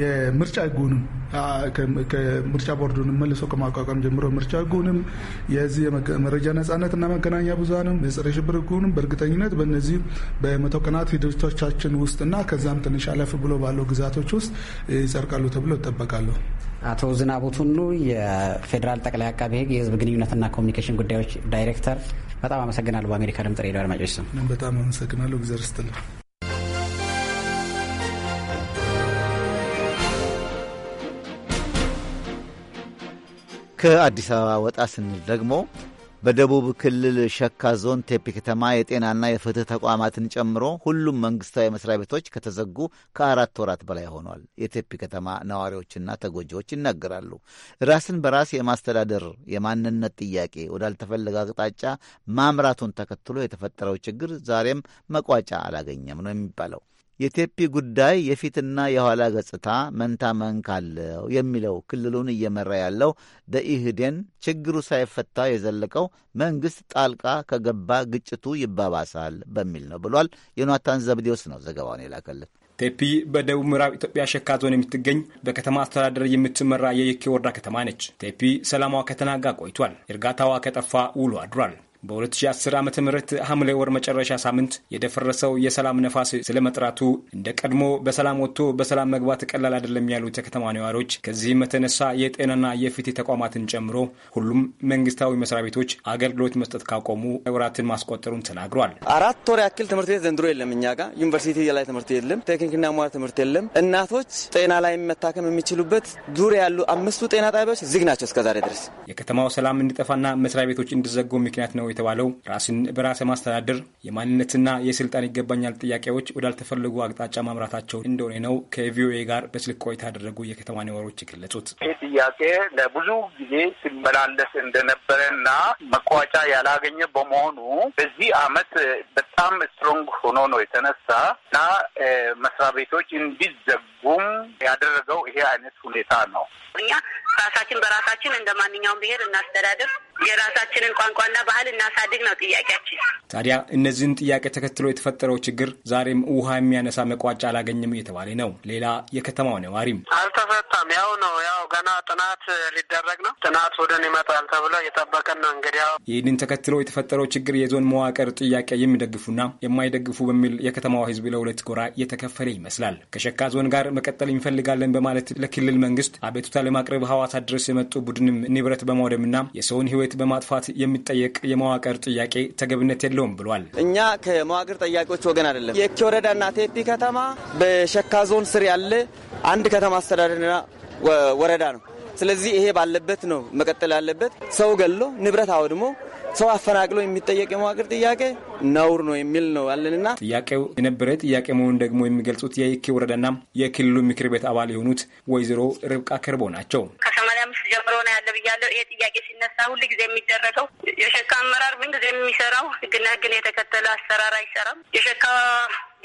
የምርጫ ህጉንም ከምርጫ ቦርዱንም መልሶ ከማቋቋም ጀምሮ ምርጫ ህጉንም የዚህ መረጃ እና መገናኛ ብዙሃንም የጸረ ሽብር ህጉንም በእርግጠኝነት በነዚህ በመቶ ቀናት ሂደቶቻችን ውስጥና ከዛም ትንሽ አለፍ ብሎ ባለው ግዛቶች ውስጥ ይጸርቃሉ ተብሎ ይጠበቃሉ። አቶ ዝናቡ የፌዴራል ጠቅላይ አቃቤ ህግ የህዝብ ግንኙነትና ኮሚኒኬሽን ጉዳዮች ዳይሬክተር፣ በጣም አመሰግናለሁ። በአሜሪካ ድምጽ ሬዲዮ አድማጮች ስም በጣም አመሰግናለሁ። እግዚአብሔር ይስጥልኝ። ከአዲስ አበባ ወጣ ስንል ደግሞ በደቡብ ክልል ሸካ ዞን ቴፒ ከተማ የጤናና የፍትህ ተቋማትን ጨምሮ ሁሉም መንግስታዊ መስሪያ ቤቶች ከተዘጉ ከአራት ወራት በላይ ሆኗል። የቴፒ ከተማ ነዋሪዎችና ተጎጂዎች ይናገራሉ። ራስን በራስ የማስተዳደር የማንነት ጥያቄ ወዳልተፈለገ አቅጣጫ ማምራቱን ተከትሎ የተፈጠረው ችግር ዛሬም መቋጫ አላገኘም ነው የሚባለው። የቴፒ ጉዳይ የፊትና የኋላ ገጽታ መንታ መንክ አለው የሚለው ክልሉን እየመራ ያለው ደኢህዴን ችግሩ ሳይፈታ የዘለቀው መንግስት ጣልቃ ከገባ ግጭቱ ይባባሳል በሚል ነው ብሏል። ዮናታን ዘብዴዎስ ነው ዘገባውን የላከልን። ቴፒ በደቡብ ምዕራብ ኢትዮጵያ ሸካ ዞን የምትገኝ በከተማ አስተዳደር የምትመራ የየኬ ወረዳ ከተማ ነች። ቴፒ ሰላሟ ከተናጋ ቆይቷል። እርጋታዋ ከጠፋ ውሎ አድሯል። በ2010 ዓ ም ሐምሌ ወር መጨረሻ ሳምንት የደፈረሰው የሰላም ነፋስ ስለመጥራቱ እንደ ቀድሞ በሰላም ወጥቶ በሰላም መግባት ቀላል አይደለም ያሉት የከተማ ነዋሪዎች፣ ከዚህም የተነሳ የጤናና የፍትህ ተቋማትን ጨምሮ ሁሉም መንግስታዊ መስሪያ ቤቶች አገልግሎት መስጠት ካቆሙ ወራትን ማስቆጠሩን ተናግሯል። አራት ወር ያክል ትምህርት ቤት ዘንድሮ የለም እኛ ጋር ዩኒቨርሲቲ ላይ ትምህርት የለም፣ ቴክኒክና ሙያ ትምህርት የለም። እናቶች ጤና ላይ መታከም የሚችሉበት ዙር ያሉ አምስቱ ጤና ጣቢያዎች ዝግ ናቸው እስከዛሬ ድረስ። የከተማው ሰላም እንዲጠፋና መስሪያ ቤቶች እንዲዘጉ ምክንያት ነው የተባለው ራስን በራስ ማስተዳደር የማንነትና የስልጣን ይገባኛል ጥያቄዎች ወዳልተፈለጉ አቅጣጫ ማምራታቸው እንደሆነ ነው ከቪኦኤ ጋር በስልክ ቆይታ ያደረጉ የከተማ ነዋሪዎች የገለጹት። ይህ ጥያቄ ለብዙ ጊዜ ሲመላለስ እንደነበረና መቋጫ ያላገኘ በመሆኑ በዚህ አመት በጣም ስትሮንግ ሆኖ ነው የተነሳ እና መስሪያ ቤቶች እንዲዘጉም ያደረገው ይሄ አይነት ሁኔታ ነው። እኛ ራሳችን በራሳችን እንደ ማንኛውም ብሄር እናስተዳደር የራሳችንን ቋንቋና ባህል እናሳድግ ነው ጥያቄያችን። ታዲያ እነዚህን ጥያቄ ተከትሎ የተፈጠረው ችግር ዛሬም ውሃ የሚያነሳ መቋጫ አላገኘም እየተባለ ነው። ሌላ የከተማው ነዋሪም አልተፈታም፣ ያው ነው ያው ገና ጥናት ሊደረግ ነው። ጥናት ቡድን ይመጣል ተብሎ እየጠበቅን ነው። እንግዲህ ያው ይህንን ተከትሎ የተፈጠረው ችግር የዞን መዋቅር ጥያቄ የሚደግፉና የማይደግፉ በሚል የከተማዋ ህዝብ ለሁለት ጎራ የተከፈለ ይመስላል። ከሸካ ዞን ጋር መቀጠል እንፈልጋለን በማለት ለክልል መንግስት አቤቱታ ለማቅረብ ሐዋሳ ድረስ የመጡ ቡድንም ንብረት በማውደምና የሰውን ህይወት ቤት በማጥፋት የሚጠየቅ የመዋቅር ጥያቄ ተገቢነት የለውም ብሏል። እኛ ከመዋቅር ጥያቄዎች ወገን አይደለም። የኪ ወረዳና ቴፒ ከተማ በሸካ ዞን ስር ያለ አንድ ከተማ አስተዳደርና ወረዳ ነው። ስለዚህ ይሄ ባለበት ነው መቀጠል ያለበት። ሰው ገሎ ንብረት አውድሞ። ሰው አፈናቅሎ የሚጠየቅ የመዋቅር ጥያቄ ነውር ነው የሚል ነው ያለንና ጥያቄው የነበረ ጥያቄ መሆኑን ደግሞ የሚገልጹት የይኬ ወረዳና የክልሉ ምክር ቤት አባል የሆኑት ወይዘሮ ርብቃ ከርቦ ናቸው። ከሰማኒያ አምስት ጀምሮ ነው ያለ ይሄ ጥያቄ ሲነሳ ሁል ጊዜ የሚደረገው የሸካ አመራር ምን ጊዜ የሚሰራው ህግና ህግን የተከተለ አሰራር አይሰራም። የሸካ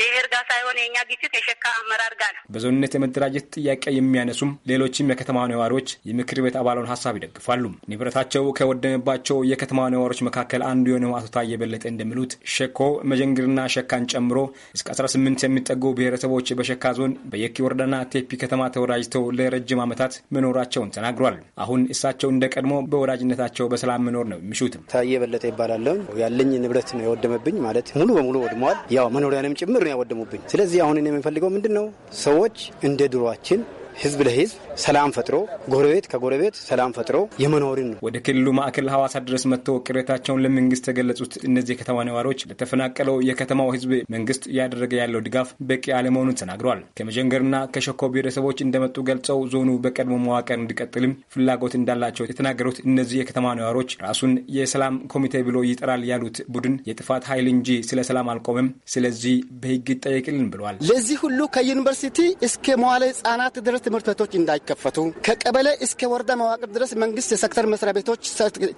ብሔር ጋር ሳይሆን የእኛ ግጭት የሸካ አመራር ጋር ነው። በዞንነት የመደራጀት ጥያቄ የሚያነሱም ሌሎችም የከተማ ነዋሪዎች የምክር ቤት አባሉን ሀሳብ ይደግፋሉ። ንብረታቸው ከወደመባቸው የከተማ ነዋሪዎች መካከል አንዱ የሆነው አቶ ታዬ በለጠ እንደሚሉት ሸኮ መጀንግርና ሸካን ጨምሮ እስከ 18 የሚጠጉ ብሔረሰቦች በሸካ ዞን በየኪ ወረዳና ቴፒ ከተማ ተወዳጅተው ለረጅም ዓመታት መኖራቸውን ተናግሯል። አሁን እሳቸው እንደ ቀድሞ በወዳጅነታቸው በሰላም መኖር ነው የሚሹትም። ታዬ በለጠ ይባላለም ያለኝ ንብረት ነው የወደመብኝ ማለት ሙሉ በሙሉ ወድመዋል። ያው መኖሪያንም ጭምር ነው ያወደሙብኝ። ስለዚህ አሁን የምንፈልገው ምንድን ነው ሰዎች እንደ ድሯችን ህዝብ ለህዝብ ሰላም ፈጥሮ ጎረቤት ከጎረቤት ሰላም ፈጥሮ የመኖርን ነው። ወደ ክልሉ ማዕከል ሐዋሳ ድረስ መጥቶ ቅሬታቸውን ለመንግስት የገለጹት እነዚህ የከተማ ነዋሪዎች ለተፈናቀለው የከተማው ህዝብ መንግስት እያደረገ ያለው ድጋፍ በቂ አለመሆኑን ተናግረዋል። ከመጀንገርና ከሸኮ ብሔረሰቦች እንደመጡ ገልጸው ዞኑ በቀድሞ መዋቅር እንዲቀጥልም ፍላጎት እንዳላቸው የተናገሩት እነዚህ የከተማ ነዋሪዎች ራሱን የሰላም ኮሚቴ ብሎ ይጠራል ያሉት ቡድን የጥፋት ኃይል እንጂ ስለ ሰላም አልቆምም፣ ስለዚህ በህግ ይጠየቅልን ብለዋል። ለዚህ ሁሉ ከዩኒቨርሲቲ እስከ መዋለ ህጻናት ድረስ ትምህርት ቤቶች እንዳይከፈቱ፣ ከቀበሌ እስከ ወረዳ መዋቅር ድረስ መንግስት የሴክተር መስሪያ ቤቶች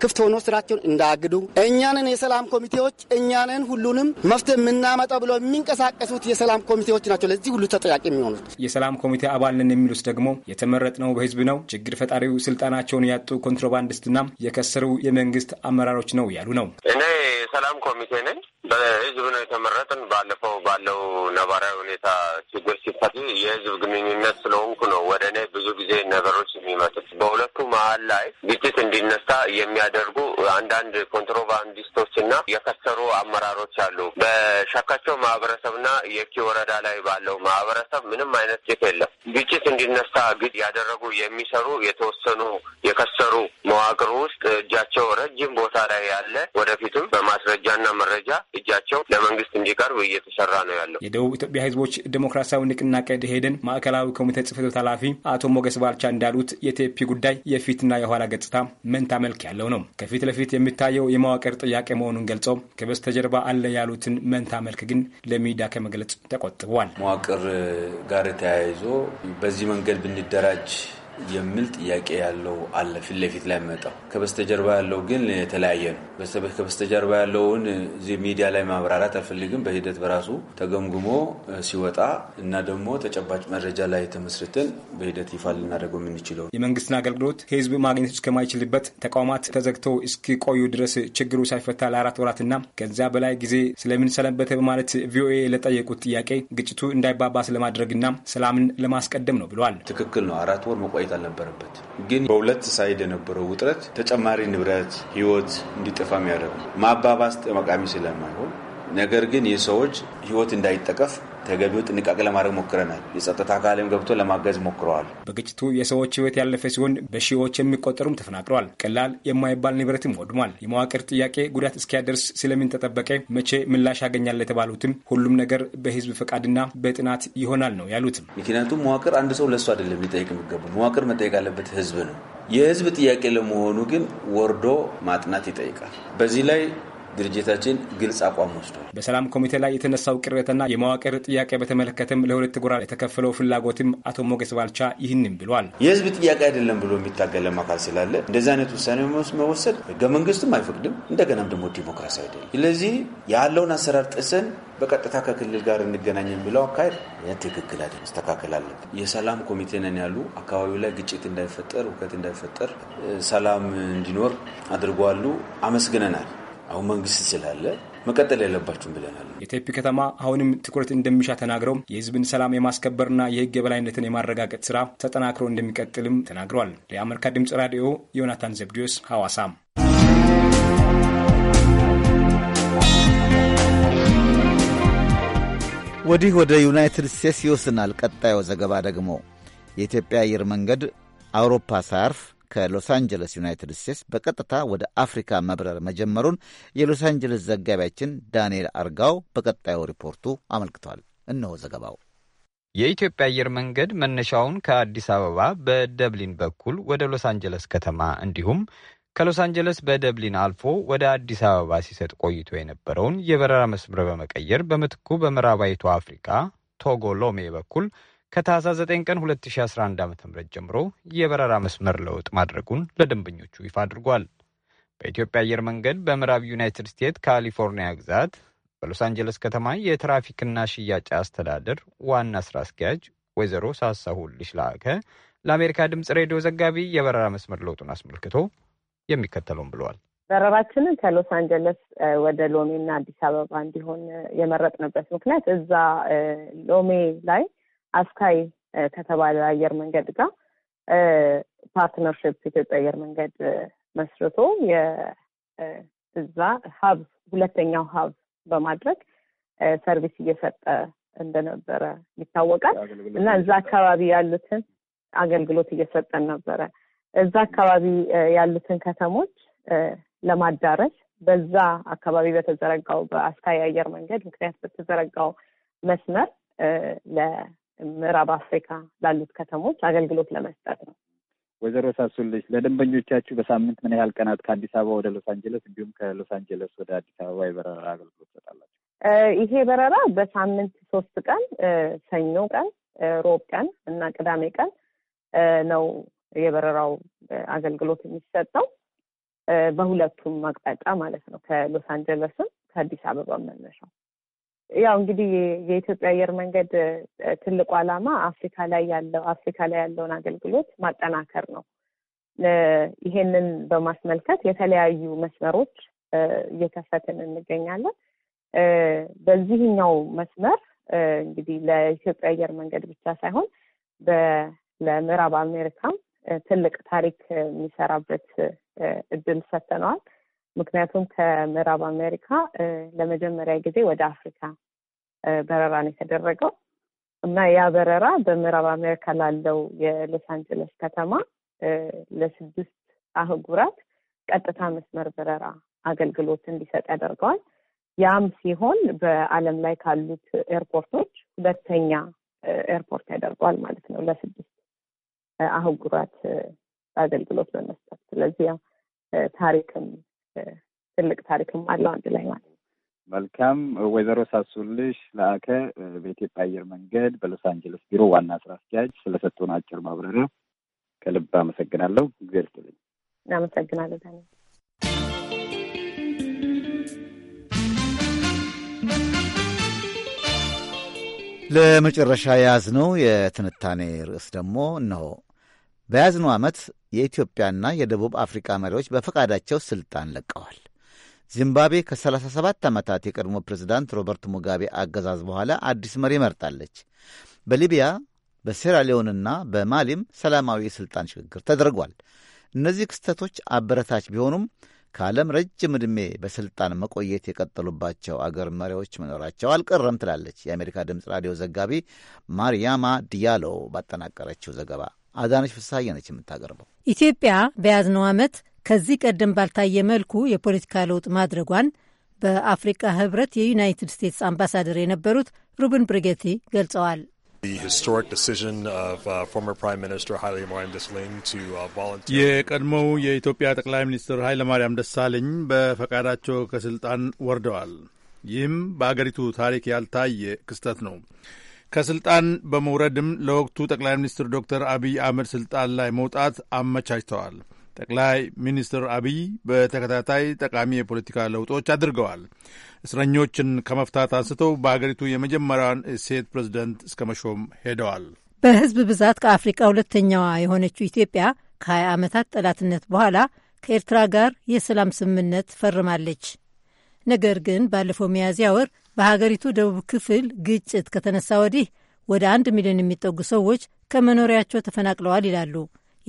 ክፍት ሆኖ ስራቸውን እንዳያግዱ፣ እኛንን የሰላም ኮሚቴዎች እኛንን ሁሉንም መፍትሄ የምናመጣው ብለው የሚንቀሳቀሱት የሰላም ኮሚቴዎች ናቸው ለዚህ ሁሉ ተጠያቂ የሚሆኑት። የሰላም ኮሚቴ አባል ነን የሚሉት ደግሞ የተመረጥነው በህዝብ ነው፣ ችግር ፈጣሪው ስልጣናቸውን ያጡ ኮንትሮባንዲስትና የከሰሩ የመንግስት አመራሮች ነው ያሉ ነው። እኔ የሰላም ኮሚቴ ነኝ በህዝብ ነው የተመረጥን። ባለፈው ባለው ነባራዊ ሁኔታ ችግር ሲፈት የህዝብ ግንኙነት ስለሆንኩ ነው ነው ወደ እኔ ብዙ ጊዜ ነገሮች የሚመጡት። በሁለቱ መሀል ላይ ግጭት እንዲነሳ የሚያደርጉ አንዳንድ ኮንትሮባንዲስቶች እና የከሰሩ አመራሮች አሉ። በሻካቸው ማህበረሰብና የኪ ወረዳ ላይ ባለው ማህበረሰብ ምንም አይነት ግጭት የለም። ግጭት እንዲነሳ ግድ ያደረጉ የሚሰሩ የተወሰኑ የከሰሩ መዋቅር ውስጥ እጃቸው ረጅም ቦታ ላይ ያለ ወደፊትም በማስረጃና መረጃ እጃቸው ለመንግስት እንዲቀርብ እየተሰራ ነው ያለው የደቡብ ኢትዮጵያ ህዝቦች ዴሞክራሲያዊ ንቅናቄ ደኢህዴን ማዕከላዊ ኮሚቴ ጽሕፈት ቤት ኃላፊ አቶ ሞገስ ባልቻ እንዳሉት የቴፒ ጉዳይ የፊትና የኋላ ገጽታ መንታ መልክ ያለው ነው። ከፊት ለፊት የሚታየው የመዋቅር ጥያቄ መሆኑን ገልጸው ከበስተጀርባ አለ ያሉትን መንታ መልክ ግን ለሚዲያ ከመግለጽ ተቆጥቧል። መዋቅር ጋር ተያይዞ በዚህ መንገድ ብንደራጅ የሚል ጥያቄ ያለው አለ ፊት ለፊት ላይ መጣው። ከበስተጀርባ ያለው ግን የተለያየ ነው። ከበስተጀርባ ያለውን እዚህ ሚዲያ ላይ ማብራራት አልፈልግም። በሂደት በራሱ ተገምግሞ ሲወጣ እና ደግሞ ተጨባጭ መረጃ ላይ ተመስርተን በሂደት ይፋ ልናደርገው የምንችለው የመንግስትን አገልግሎት ህዝብ ማግኘት እስከማይችልበት ተቋማት ተዘግተው እስኪቆዩ ድረስ ችግሩ ሳይፈታ ለአራት ወራትና ከዚያ በላይ ጊዜ ስለምንሰለበት በማለት ቪኦኤ ለጠየቁት ጥያቄ ግጭቱ እንዳይባባስ ለማድረግና ሰላምን ለማስቀደም ነው ብለዋል። ትክክል ነው። አራት ወር መቆየት መቀመጥ አልነበረበት። ግን በሁለት ሳይድ የነበረው ውጥረት ተጨማሪ ንብረት ህይወት እንዲጠፋ የሚያደርግ ማባባስ ጠመቃሚ ስለማይሆን ነገር ግን የሰዎች ህይወት እንዳይጠቀፍ ተገቢው ጥንቃቄ ለማድረግ ሞክረናል። የጸጥታ አካልም ገብቶ ለማገዝ ሞክረዋል። በግጭቱ የሰዎች ህይወት ያለፈ ሲሆን በሺዎች የሚቆጠሩም ተፈናቅለዋል። ቀላል የማይባል ንብረትም ወድሟል። የመዋቅር ጥያቄ ጉዳት እስኪያደርስ ስለምን ተጠበቀ፣ መቼ ምላሽ ያገኛል የተባሉትም ሁሉም ነገር በህዝብ ፈቃድና በጥናት ይሆናል ነው ያሉትም። ምክንያቱም መዋቅር አንድ ሰው ለሱ አይደለም ሊጠይቅ የሚገቡ መዋቅር መጠየቅ ያለበት ህዝብ ነው። የህዝብ ጥያቄ ለመሆኑ ግን ወርዶ ማጥናት ይጠይቃል። በዚህ ላይ ድርጅታችን ግልጽ አቋም ወስዷል። በሰላም ኮሚቴ ላይ የተነሳው ቅሬታና የመዋቅር ጥያቄ በተመለከተም ለሁለት ጎራ የተከፈለው ፍላጎትም አቶ ሞገስ ባልቻ ይህንም ብሏል። የህዝብ ጥያቄ አይደለም ብሎ የሚታገለም አካል ስላለ እንደዚህ አይነት ውሳኔ መወሰድ ህገ መንግስትም አይፈቅድም። እንደገናም ደግሞ ዲሞክራሲ አይደለም። ስለዚህ ያለውን አሰራር ጥሰን በቀጥታ ከክልል ጋር እንገናኝ ብለው አካሄድ ትክክል አይደለም፣ መስተካከል አለበት። የሰላም ኮሚቴ ነን ያሉ አካባቢው ላይ ግጭት እንዳይፈጠር፣ እውከት እንዳይፈጠር፣ ሰላም እንዲኖር አድርጓሉ። አመስግነናል። አሁን መንግስት ስላለ መቀጠል ያለባችሁም ብለናል። የቴፒ ከተማ አሁንም ትኩረት እንደሚሻ ተናግረው የህዝብን ሰላም የማስከበርና የህግ የበላይነትን የማረጋገጥ ስራ ተጠናክሮ እንደሚቀጥልም ተናግረዋል። ለአሜሪካ ድምጽ ራዲዮ ዮናታን ዘብዲዮስ ሐዋሳም ወዲህ ወደ ዩናይትድ ስቴትስ ይወስናል። ቀጣዩ ዘገባ ደግሞ የኢትዮጵያ አየር መንገድ አውሮፓ ሳያርፍ ከሎስ አንጀለስ ዩናይትድ ስቴትስ በቀጥታ ወደ አፍሪካ መብረር መጀመሩን የሎስ አንጀለስ ዘጋቢያችን ዳንኤል አርጋው በቀጣዩ ሪፖርቱ አመልክቷል። እነሆ ዘገባው። የኢትዮጵያ አየር መንገድ መነሻውን ከአዲስ አበባ በደብሊን በኩል ወደ ሎስ አንጀለስ ከተማ እንዲሁም ከሎስ አንጀለስ በደብሊን አልፎ ወደ አዲስ አበባ ሲሰጥ ቆይቶ የነበረውን የበረራ መስመር በመቀየር በምትኩ በምዕራባዊቱ አፍሪካ ቶጎ ሎሜ በኩል ከታህሳስ 9 ቀን 2011 ዓ ም ጀምሮ የበረራ መስመር ለውጥ ማድረጉን ለደንበኞቹ ይፋ አድርጓል። በኢትዮጵያ አየር መንገድ በምዕራብ ዩናይትድ ስቴትስ ካሊፎርኒያ ግዛት በሎስ አንጀለስ ከተማ የትራፊክና ሽያጭ አስተዳደር ዋና ስራ አስኪያጅ ወይዘሮ ሳሳሁልሽ ላከ ለአሜሪካ ድምፅ ሬዲዮ ዘጋቢ የበረራ መስመር ለውጡን አስመልክቶ የሚከተለውን ብለዋል። በረራችንን ከሎስ አንጀለስ ወደ ሎሜ እና አዲስ አበባ እንዲሆን የመረጥንበት ምክንያት እዛ ሎሜ ላይ አስካይ ከተባለ አየር መንገድ ጋር ፓርትነርሽፕ ኢትዮጵያ አየር መንገድ መስርቶ እዛ ሀብ ሁለተኛው ሀብ በማድረግ ሰርቪስ እየሰጠ እንደነበረ ይታወቃል። እና እዛ አካባቢ ያሉትን አገልግሎት እየሰጠን ነበረ። እዛ አካባቢ ያሉትን ከተሞች ለማዳረስ በዛ አካባቢ በተዘረጋው በአስካይ አየር መንገድ ምክንያት በተዘረጋው መስመር ምዕራብ አፍሪካ ላሉት ከተሞች አገልግሎት ለመስጠት ነው። ወይዘሮ ሳሱልሽ ለደንበኞቻችሁ በሳምንት ምን ያህል ቀናት ከአዲስ አበባ ወደ ሎስ አንጀለስ እንዲሁም ከሎስ አንጀለስ ወደ አዲስ አበባ የበረራ አገልግሎት ይሰጣላችሁ? ይሄ በረራ በሳምንት ሶስት ቀን ሰኞ ቀን፣ ሮብ ቀን እና ቅዳሜ ቀን ነው የበረራው አገልግሎት የሚሰጠው በሁለቱም አቅጣጫ ማለት ነው። ከሎስ አንጀለስም ከአዲስ አበባ መነሻው ያው እንግዲህ የኢትዮጵያ አየር መንገድ ትልቁ ዓላማ አፍሪካ ላይ ያለው አፍሪካ ላይ ያለውን አገልግሎት ማጠናከር ነው። ይሄንን በማስመልከት የተለያዩ መስመሮች እየከፈትን እንገኛለን። በዚህኛው መስመር እንግዲህ ለኢትዮጵያ አየር መንገድ ብቻ ሳይሆን ለምዕራብ አሜሪካም ትልቅ ታሪክ የሚሰራበት እድል ሰጥተነዋል። ምክንያቱም ከምዕራብ አሜሪካ ለመጀመሪያ ጊዜ ወደ አፍሪካ በረራ ነው የተደረገው እና ያ በረራ በምዕራብ አሜሪካ ላለው የሎስ አንጀለስ ከተማ ለስድስት አህጉራት ቀጥታ መስመር በረራ አገልግሎት እንዲሰጥ ያደርገዋል። ያም ሲሆን በአለም ላይ ካሉት ኤርፖርቶች ሁለተኛ ኤርፖርት ያደርገዋል ማለት ነው ለስድስት አህጉራት አገልግሎት በመስጠት ስለዚህ ታሪክም ትልቅ ታሪክም አለው አንድ ላይ ማለት ነው። መልካም ወይዘሮ ሳሱልሽ ለአከ በኢትዮጵያ አየር መንገድ በሎስ አንጀለስ ቢሮ ዋና ስራ አስኪያጅ ስለሰጡን አጭር ማብራሪያ ከልብ አመሰግናለሁ። እግዚአብሔር ይስጥልኝ። አመሰግናለሁ ዳኒ። ለመጨረሻ የያዝነው የትንታኔ ርዕስ ደግሞ እነሆ። በያዝነው ዓመት የኢትዮጵያና የደቡብ አፍሪካ መሪዎች በፈቃዳቸው ስልጣን ለቀዋል። ዚምባብዌ ከ37 ዓመታት የቀድሞ ፕሬዝዳንት ሮበርት ሙጋቤ አገዛዝ በኋላ አዲስ መሪ መርጣለች። በሊቢያ በሴራሊዮንና በማሊም ሰላማዊ የሥልጣን ሽግግር ተደርጓል። እነዚህ ክስተቶች አበረታች ቢሆኑም ከዓለም ረጅም ዕድሜ በሥልጣን መቆየት የቀጠሉባቸው አገር መሪዎች መኖራቸው አልቀረም ትላለች የአሜሪካ ድምፅ ራዲዮ ዘጋቢ ማርያማ ዲያሎ ባጠናቀረችው ዘገባ። አዛነች ፍስሐዬ ነች የምታቀርበው። ኢትዮጵያ በያዝነው ዓመት ከዚህ ቀደም ባልታየ መልኩ የፖለቲካ ለውጥ ማድረጓን በአፍሪካ ህብረት የዩናይትድ ስቴትስ አምባሳደር የነበሩት ሩብን ብርጌቲ ገልጸዋል። uh, uh, የቀድሞው የኢትዮጵያ ጠቅላይ ሚኒስትር ኃይለማርያም ደሳለኝ በፈቃዳቸው ከስልጣን ወርደዋል። ይህም በአገሪቱ ታሪክ ያልታየ ክስተት ነው። ከስልጣን በመውረድም ለወቅቱ ጠቅላይ ሚኒስትር ዶክተር አብይ አህመድ ስልጣን ላይ መውጣት አመቻችተዋል። ጠቅላይ ሚኒስትር አብይ በተከታታይ ጠቃሚ የፖለቲካ ለውጦች አድርገዋል። እስረኞችን ከመፍታት አንስተው በሀገሪቱ የመጀመሪያውን ሴት ፕሬዝደንት እስከ መሾም ሄደዋል። በህዝብ ብዛት ከአፍሪቃ ሁለተኛዋ የሆነችው ኢትዮጵያ ከ20 ዓመታት ጠላትነት በኋላ ከኤርትራ ጋር የሰላም ስምምነት ፈርማለች። ነገር ግን ባለፈው ሚያዝያ ወር በሀገሪቱ ደቡብ ክፍል ግጭት ከተነሳ ወዲህ ወደ አንድ ሚሊዮን የሚጠጉ ሰዎች ከመኖሪያቸው ተፈናቅለዋል ይላሉ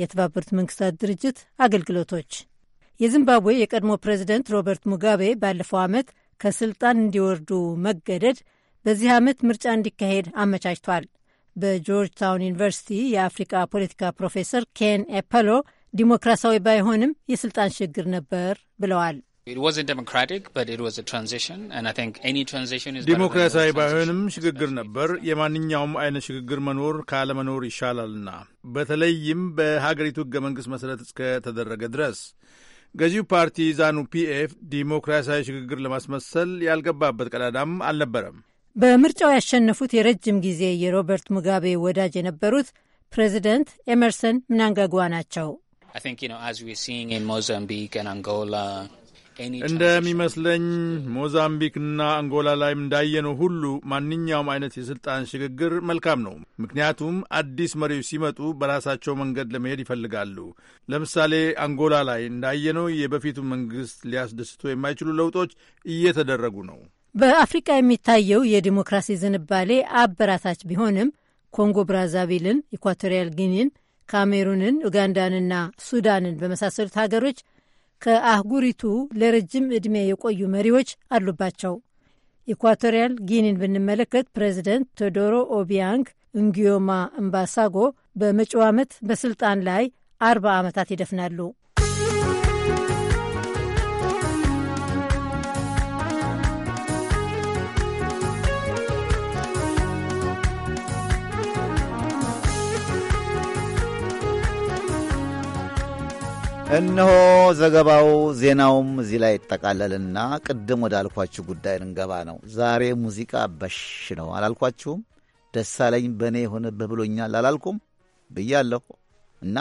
የተባበሩት መንግስታት ድርጅት አገልግሎቶች። የዚምባብዌ የቀድሞ ፕሬዚደንት ሮበርት ሙጋቤ ባለፈው ዓመት ከስልጣን እንዲወርዱ መገደድ በዚህ ዓመት ምርጫ እንዲካሄድ አመቻችቷል። በጆርጅ ታውን ዩኒቨርሲቲ የአፍሪካ ፖለቲካ ፕሮፌሰር ኬን ኤፐሎ ዲሞክራሲያዊ ባይሆንም የስልጣን ሽግግር ነበር ብለዋል። ዲሞክራሲያዊ ባይሆንም ሽግግር ነበር። የማንኛውም አይነት ሽግግር መኖር ካለመኖር ይሻላልና፣ በተለይም በሀገሪቱ ህገ መንግሥት መሠረት እስከተደረገ ድረስ ገዢው ፓርቲ ዛኑ ፒኤፍ ዲሞክራሲያዊ ሽግግር ለማስመሰል ያልገባበት ቀዳዳም አልነበረም። በምርጫው ያሸነፉት የረጅም ጊዜ የሮበርት ሙጋቤ ወዳጅ የነበሩት ፕሬዚደንት ኤመርሰን ምናንጋጓ ናቸው። እንደሚመስለኝ ሞዛምቢክና አንጎላ ላይም እንዳየነው ሁሉ ማንኛውም አይነት የስልጣን ሽግግር መልካም ነው። ምክንያቱም አዲስ መሪዎች ሲመጡ በራሳቸው መንገድ ለመሄድ ይፈልጋሉ። ለምሳሌ አንጎላ ላይ እንዳየነው የበፊቱ መንግስት ሊያስደስቶ የማይችሉ ለውጦች እየተደረጉ ነው። በአፍሪቃ የሚታየው የዲሞክራሲ ዝንባሌ አበራታች ቢሆንም ኮንጎ ብራዛቪልን፣ ኢኳቶሪያል ጊኒን፣ ካሜሩንን፣ ኡጋንዳንና ሱዳንን በመሳሰሉት ሀገሮች ከአህጉሪቱ ለረጅም ዕድሜ የቆዩ መሪዎች አሉባቸው። ኢኳቶሪያል ጊኒን ብንመለከት ፕሬዚደንት ቴዶሮ ኦቢያንግ እንጊዮማ እምባሳጎ በመጪው ዓመት በስልጣን ላይ አርባ ዓመታት ይደፍናሉ። እነሆ ዘገባው ዜናውም እዚህ ላይ ይጠቃለልና ቅድም ወዳልኳችሁ ጉዳይ እንገባ ነው። ዛሬ ሙዚቃ በሽ ነው አላልኳችሁም? ደሳለኝ በእኔ የሆነብህ ብሎኛል አላልኩም ብያለሁ እና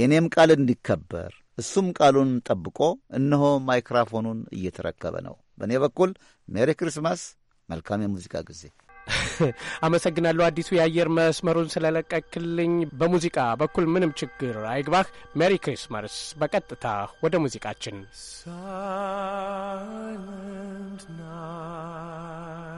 የእኔም ቃል እንዲከበር እሱም ቃሉን ጠብቆ እነሆ ማይክራፎኑን እየተረከበ ነው። በእኔ በኩል ሜሪ ክርስማስ፣ መልካም የሙዚቃ ጊዜ። አመሰግናለሁ አዲሱ የአየር መስመሩን ስለለቀክልኝ። በሙዚቃ በኩል ምንም ችግር አይግባህ። ሜሪ ክሪስማስ። በቀጥታ ወደ ሙዚቃችን ሳይለንት ናይት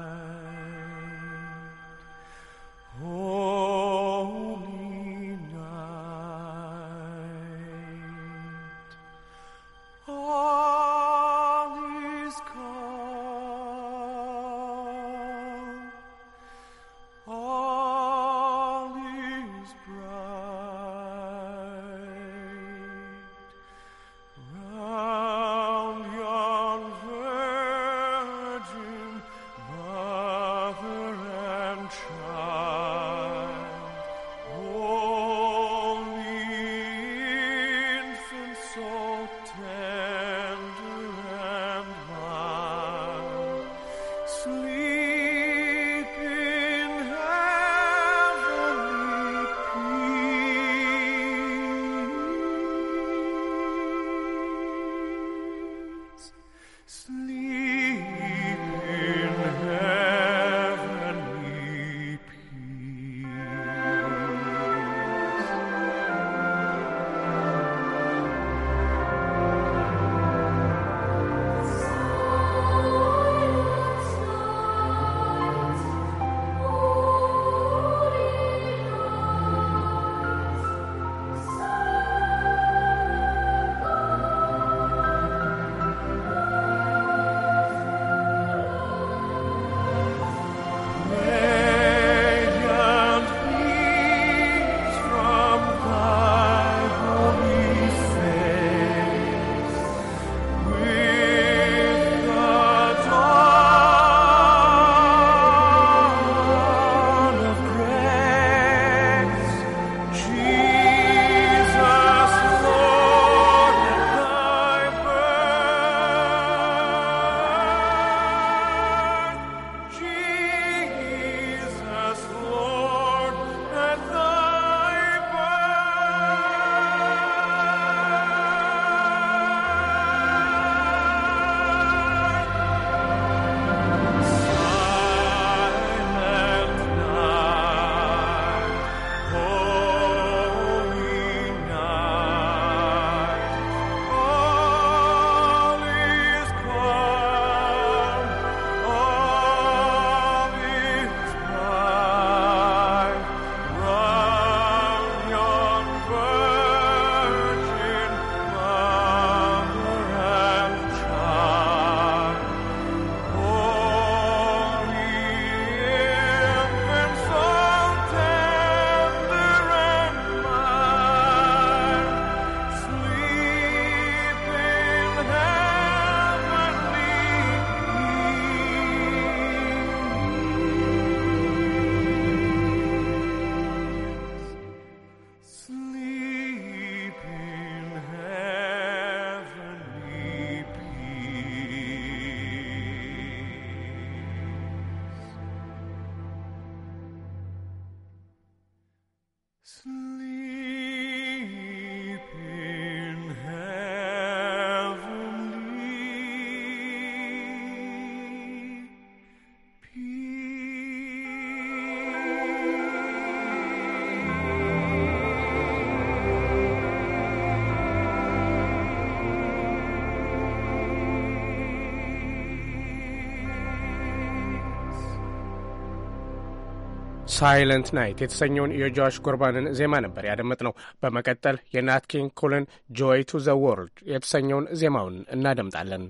ሳይለንት ናይት የተሰኘውን የጆሽ ጎርባንን ዜማ ነበር ያደመጥ ነው። በመቀጠል የናት ኪንግ ኮልን ጆይ ቱ ዘ ወርልድ የተሰኘውን ዜማውን እናደምጣለን።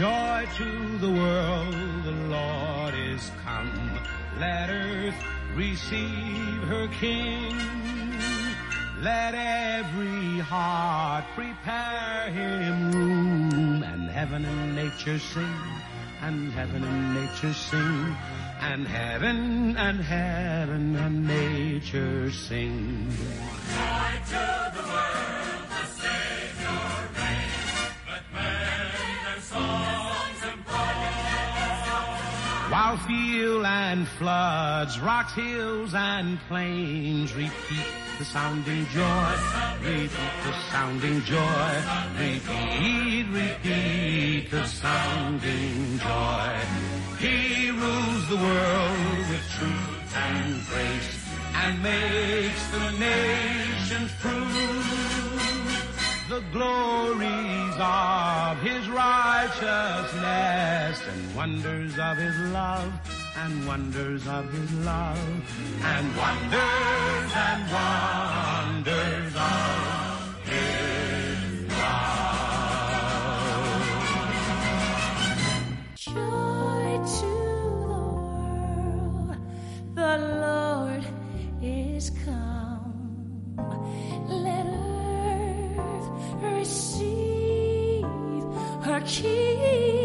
Joy to the world, the Lord is come. Let earth receive her King. Let every heart prepare him room, and heaven and nature sing. and heaven and nature sing, and heaven and heaven and nature sing. Joy to the world. Wildfield and floods, rocks, hills and plains repeat the sounding joy, repeat the sounding joy, repeat, repeat the sounding joy. He rules the world with truth and grace and makes the nations prove the glories of his righteousness and wonders of his love and wonders of his love and wonders and wonders of our King.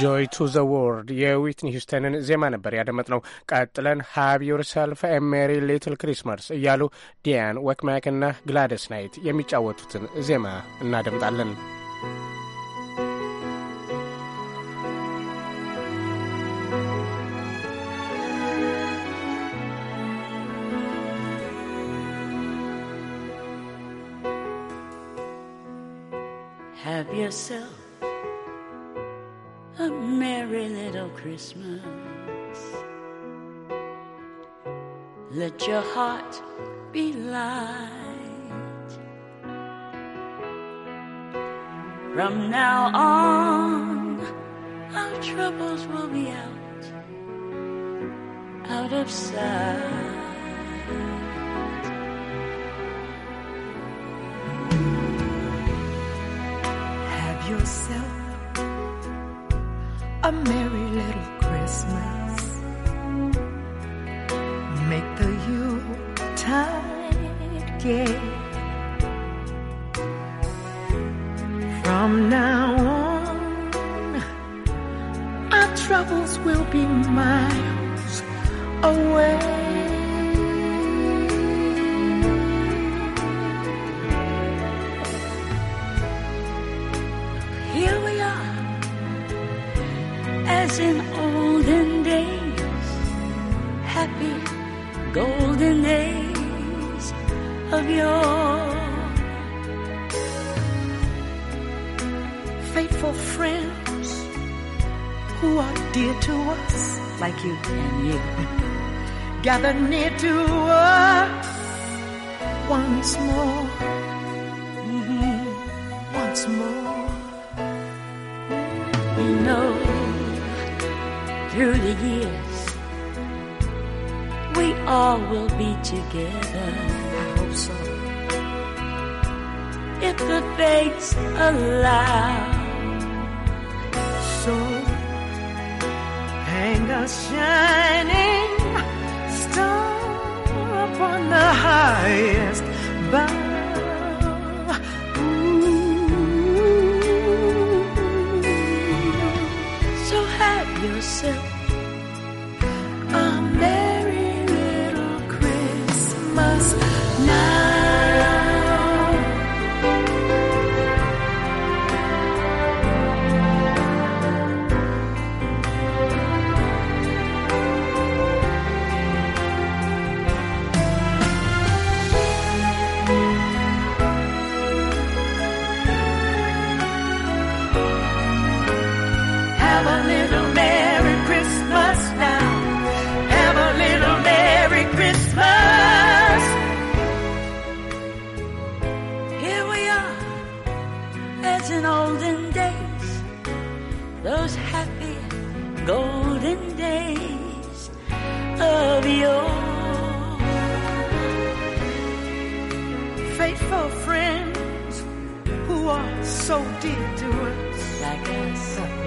ጆይ ቱ ዘ ዎርድ የዊትኒ ሂውስተንን ዜማ ነበር ያደመጥነው። ቀጥለን ሃቭ ዮርሰልፍ ኤ ሜሪ ሊትል ክሪስማስ እያሉ ዲያን ወክማክ እና ግላደስ ናይት የሚጫወቱትን ዜማ እናደምጣለን። Have yourself a merry little Christmas. Let your heart be light. From now on, our troubles will be out, out of sight. Have yourself a merry little Christmas. Make the Yuletide gay. From now on, our troubles will be miles away. as in olden days, happy golden days of yore. Faithful friends who are dear to us, like you and you, gather near to us once more, mm-hmm. once more. We know through the years, we all will be together. I hope so. If the fates allow. So hang a shining star upon the highest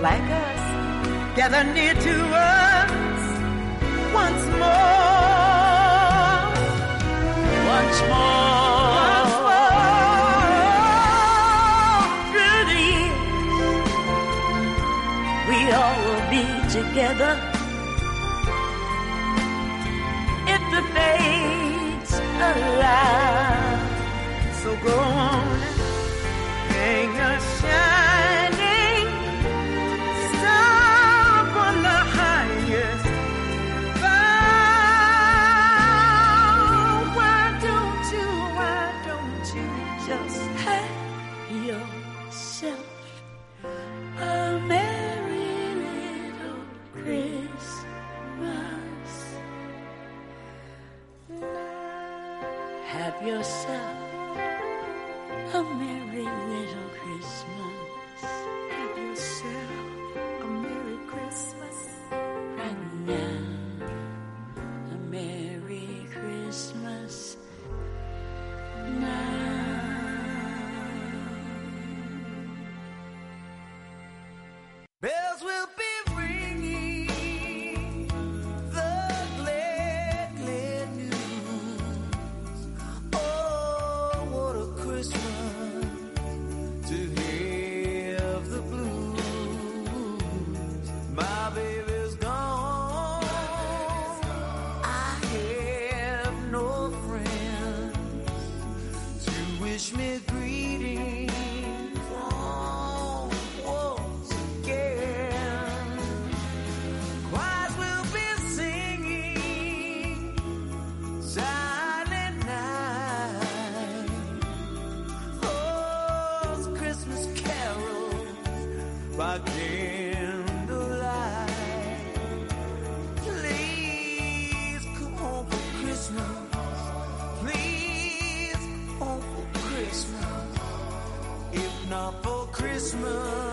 like us gather near to us once more. Once more. We all will be together. breeding. Christmas.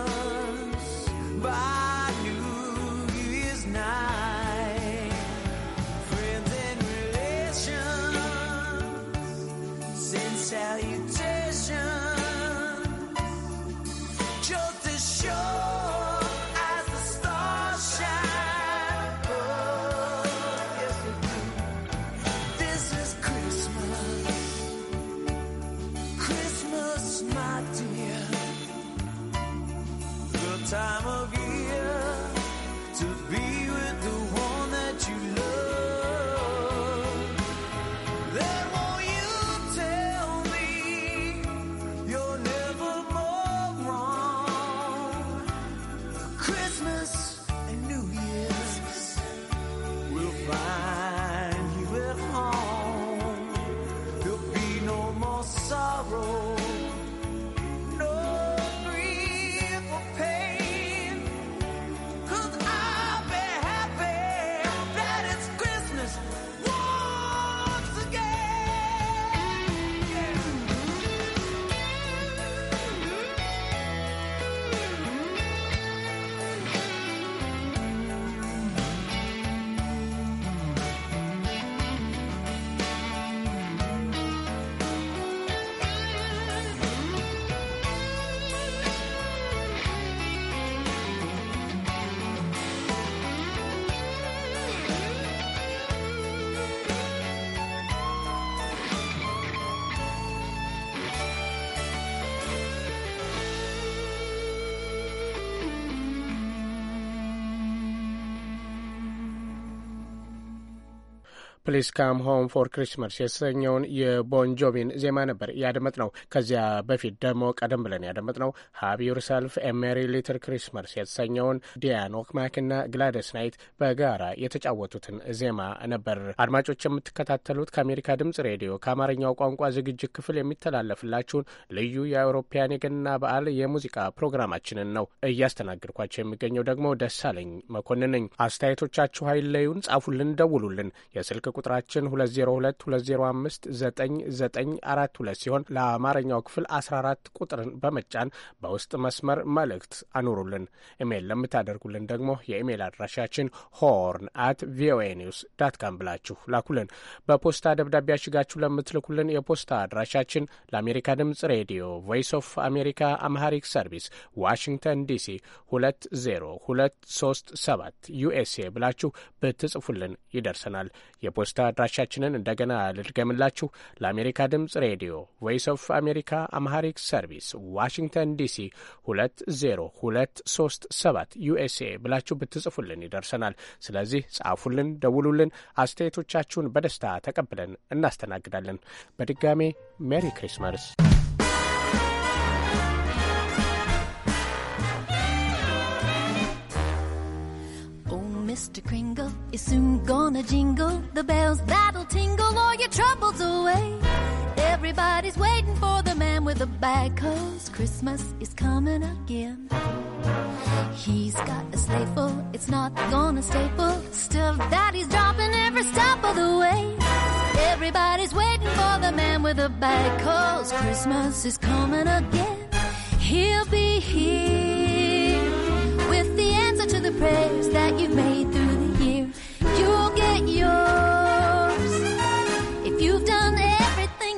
ፕሊስ ካም ሆም ፎር ክሪስመስ የተሰኘውን የቦንጆቢን ዜማ ነበር ያደመጥ ነው። ከዚያ በፊት ደግሞ ቀደም ብለን ያደመጥ ነው ሀብ ዩርሰልፍ ኤሜሪ ሜሪ ሊትል ክሪስመስ የተሰኘውን ዲያን ኦክማክና ግላደስ ናይት በጋራ የተጫወቱትን ዜማ ነበር። አድማጮች የምትከታተሉት ከአሜሪካ ድምጽ ሬዲዮ ከአማርኛው ቋንቋ ዝግጅት ክፍል የሚተላለፍላችሁን ልዩ የአውሮፓውያን የገና በዓል የሙዚቃ ፕሮግራማችንን ነው። እያስተናግድኳቸው የሚገኘው ደግሞ ደሳለኝ መኮንን ነኝ። አስተያየቶቻችሁ ኃይለዩን ጻፉልን፣ ደውሉልን። የስልክ ቁጥራችን 2022059942 ሲሆን ለአማርኛው ክፍል 14 ቁጥርን በመጫን በውስጥ መስመር መልእክት አኑሩልን። ኢሜይል ለምታደርጉልን ደግሞ የኢሜይል አድራሻችን ሆርን አት ቪኦኤ ኒውስ ዳት ካም ብላችሁ ላኩልን። በፖስታ ደብዳቤ ያሽጋችሁ ለምትልኩልን የፖስታ አድራሻችን ለአሜሪካ ድምጽ ሬዲዮ ቮይስ ኦፍ አሜሪካ አምሃሪክ ሰርቪስ ዋሽንግተን ዲሲ 20237 ዩኤስኤ ብላችሁ ብትጽፉልን ይደርሰናል። የፖስታ አድራሻችንን እንደገና ልድገምላችሁ። ለአሜሪካ ድምጽ ሬዲዮ ቮይስ ኦፍ አሜሪካ አምሃሪክ ሰርቪስ ዋሽንግተን ዲሲ 20237 ዩኤስኤ ብላችሁ ብትጽፉልን ይደርሰናል። ስለዚህ ጻፉልን፣ ደውሉልን። አስተያየቶቻችሁን በደስታ ተቀብለን እናስተናግዳለን። በድጋሜ ሜሪ ክሪስማስ። oh, Mr. Kringle You're soon gonna jingle the bells that'll tingle all your troubles away. Everybody's waiting for the man with the bag, cause Christmas is coming again. He's got a sleigh full, it's not gonna full. Still, that he's dropping every step of the way. Everybody's waiting for the man with the bag, cause Christmas is coming again. He'll be here with the answer to the prayers that you've made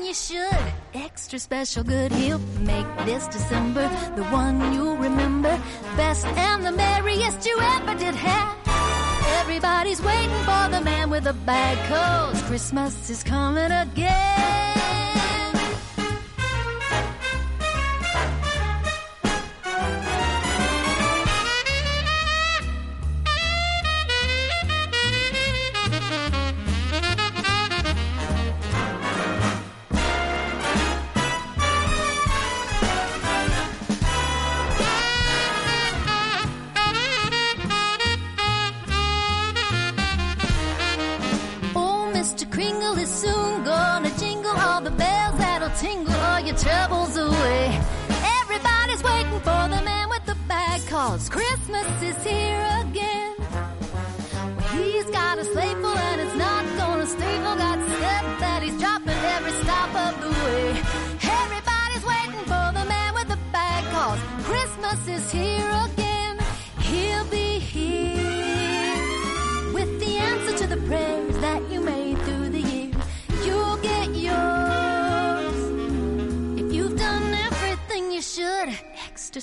you should. Extra special good he'll make this December the one you'll remember. Best and the merriest you ever did have. Everybody's waiting for the man with the bad coats. Christmas is coming again.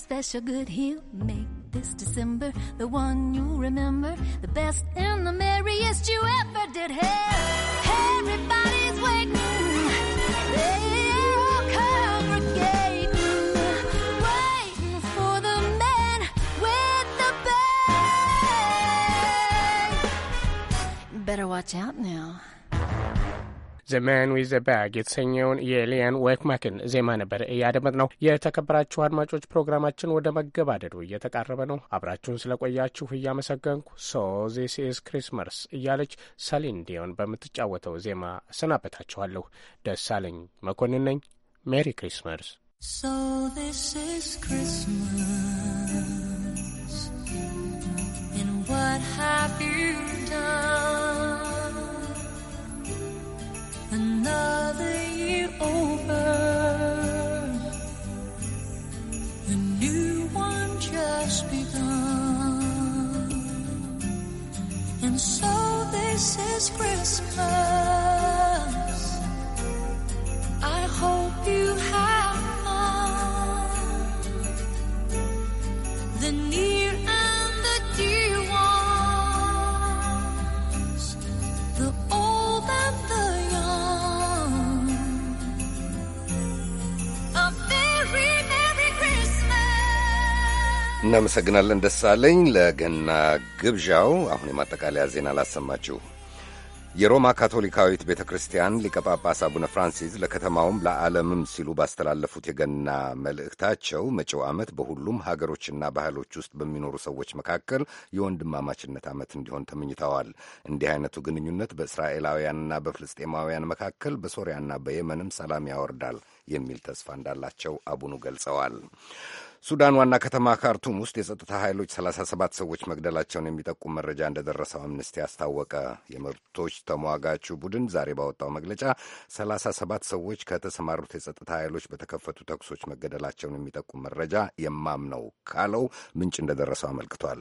special good he'll make this December the one you'll remember, the best and the merriest you ever did have. Everybody's waiting. Better watch out now. ዘ ማን ዊዝ ዘ ባግ የተሰኘውን የሊያን ወክማክን ዜማ ነበር እያደመጥ ነው። የተከበራችሁ አድማጮች ፕሮግራማችን ወደ መገባደዱ እየተቃረበ ነው። አብራችሁን ስለቆያችሁ እያመሰገንኩ ሶ ዚስ ኢዝ ክሪስመስ እያለች ሰሊን ዲዮን በምትጫወተው ዜማ ሰናበታችኋለሁ። ደሳለኝ መኮንን ነኝ። ሜሪ ክሪስመስ So this is Christmas, And what have you done? another year over. The new one just begun. And so this is Christmas. I hope you have fun. The near እናመሰግናለን ደሳለኝ ለገና ግብዣው። አሁን የማጠቃለያ ዜና ላሰማችሁ። የሮማ ካቶሊካዊት ቤተ ክርስቲያን ሊቀ ጳጳስ አቡነ ፍራንሲስ ለከተማውም ለዓለምም ሲሉ ባስተላለፉት የገና መልእክታቸው መጪው ዓመት በሁሉም ሀገሮችና ባህሎች ውስጥ በሚኖሩ ሰዎች መካከል የወንድማማችነት ዓመት እንዲሆን ተመኝተዋል። እንዲህ አይነቱ ግንኙነት በእስራኤላውያንና በፍልስጤማውያን መካከል በሶሪያና በየመንም ሰላም ያወርዳል የሚል ተስፋ እንዳላቸው አቡኑ ገልጸዋል። ሱዳን ዋና ከተማ ካርቱም ውስጥ የጸጥታ ኃይሎች 37 ሰዎች መግደላቸውን የሚጠቁም መረጃ እንደደረሰው አምነስቲ አስታወቀ። የመብቶች ተሟጋቹ ቡድን ዛሬ ባወጣው መግለጫ 37 ሰዎች ከተሰማሩት የጸጥታ ኃይሎች በተከፈቱ ተኩሶች መገደላቸውን የሚጠቁም መረጃ የማምነው ካለው ምንጭ እንደደረሰው አመልክቷል።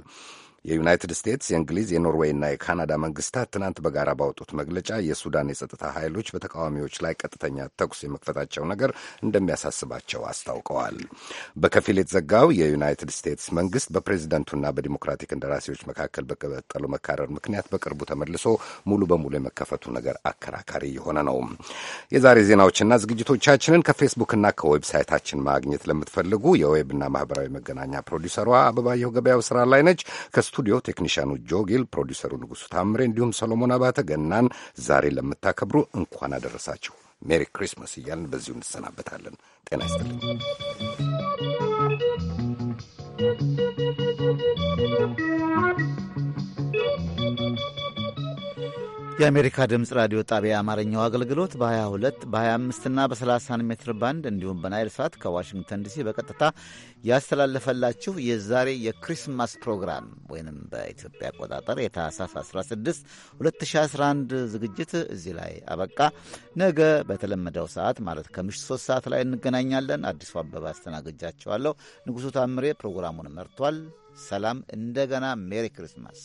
የዩናይትድ ስቴትስ፣ የእንግሊዝ፣ የኖርዌይና የካናዳ መንግስታት ትናንት በጋራ ባወጡት መግለጫ የሱዳን የጸጥታ ኃይሎች በተቃዋሚዎች ላይ ቀጥተኛ ተኩስ የመክፈታቸው ነገር እንደሚያሳስባቸው አስታውቀዋል። በከፊል የተዘጋው የዩናይትድ ስቴትስ መንግስት በፕሬዚደንቱና በዲሞክራቲክ እንደራሴዎች መካከል በቀጠለው መካረር ምክንያት በቅርቡ ተመልሶ ሙሉ በሙሉ የመከፈቱ ነገር አከራካሪ የሆነ ነው። የዛሬ ዜናዎችና ዝግጅቶቻችንን ከፌስቡክና ከዌብሳይታችን ማግኘት ለምትፈልጉ የዌብና ማህበራዊ መገናኛ ፕሮዲሰሯ አበባየሁ ገበያው ስራ ላይ ነች። ስቱዲዮ ቴክኒሽያኑ ጆጊል፣ ፕሮዲሰሩ ንጉሡ ታምሬ እንዲሁም ሰሎሞን አባተ ገናን ዛሬ ለምታከብሩ እንኳን አደረሳችሁ ሜሪ ክሪስማስ እያልን በዚሁ እንሰናበታለን። ጤና ይስጥልኝ። የአሜሪካ ድምፅ ራዲዮ ጣቢያ የአማርኛው አገልግሎት በ22 በ25 እና በ30 ሜትር ባንድ እንዲሁም በናይል ሰዓት ከዋሽንግተን ዲሲ በቀጥታ ያስተላለፈላችሁ የዛሬ የክሪስማስ ፕሮግራም ወይንም በኢትዮጵያ አቆጣጠር የታህሳስ 16 2011 ዝግጅት እዚህ ላይ አበቃ። ነገ በተለመደው ሰዓት ማለት ከምሽት 3 ሰዓት ላይ እንገናኛለን። አዲሱ አበባ አስተናግጃቸዋለሁ። ንጉሡ ታምሬ ፕሮግራሙን መርቷል። ሰላም፣ እንደገና ሜሪ ክሪስማስ።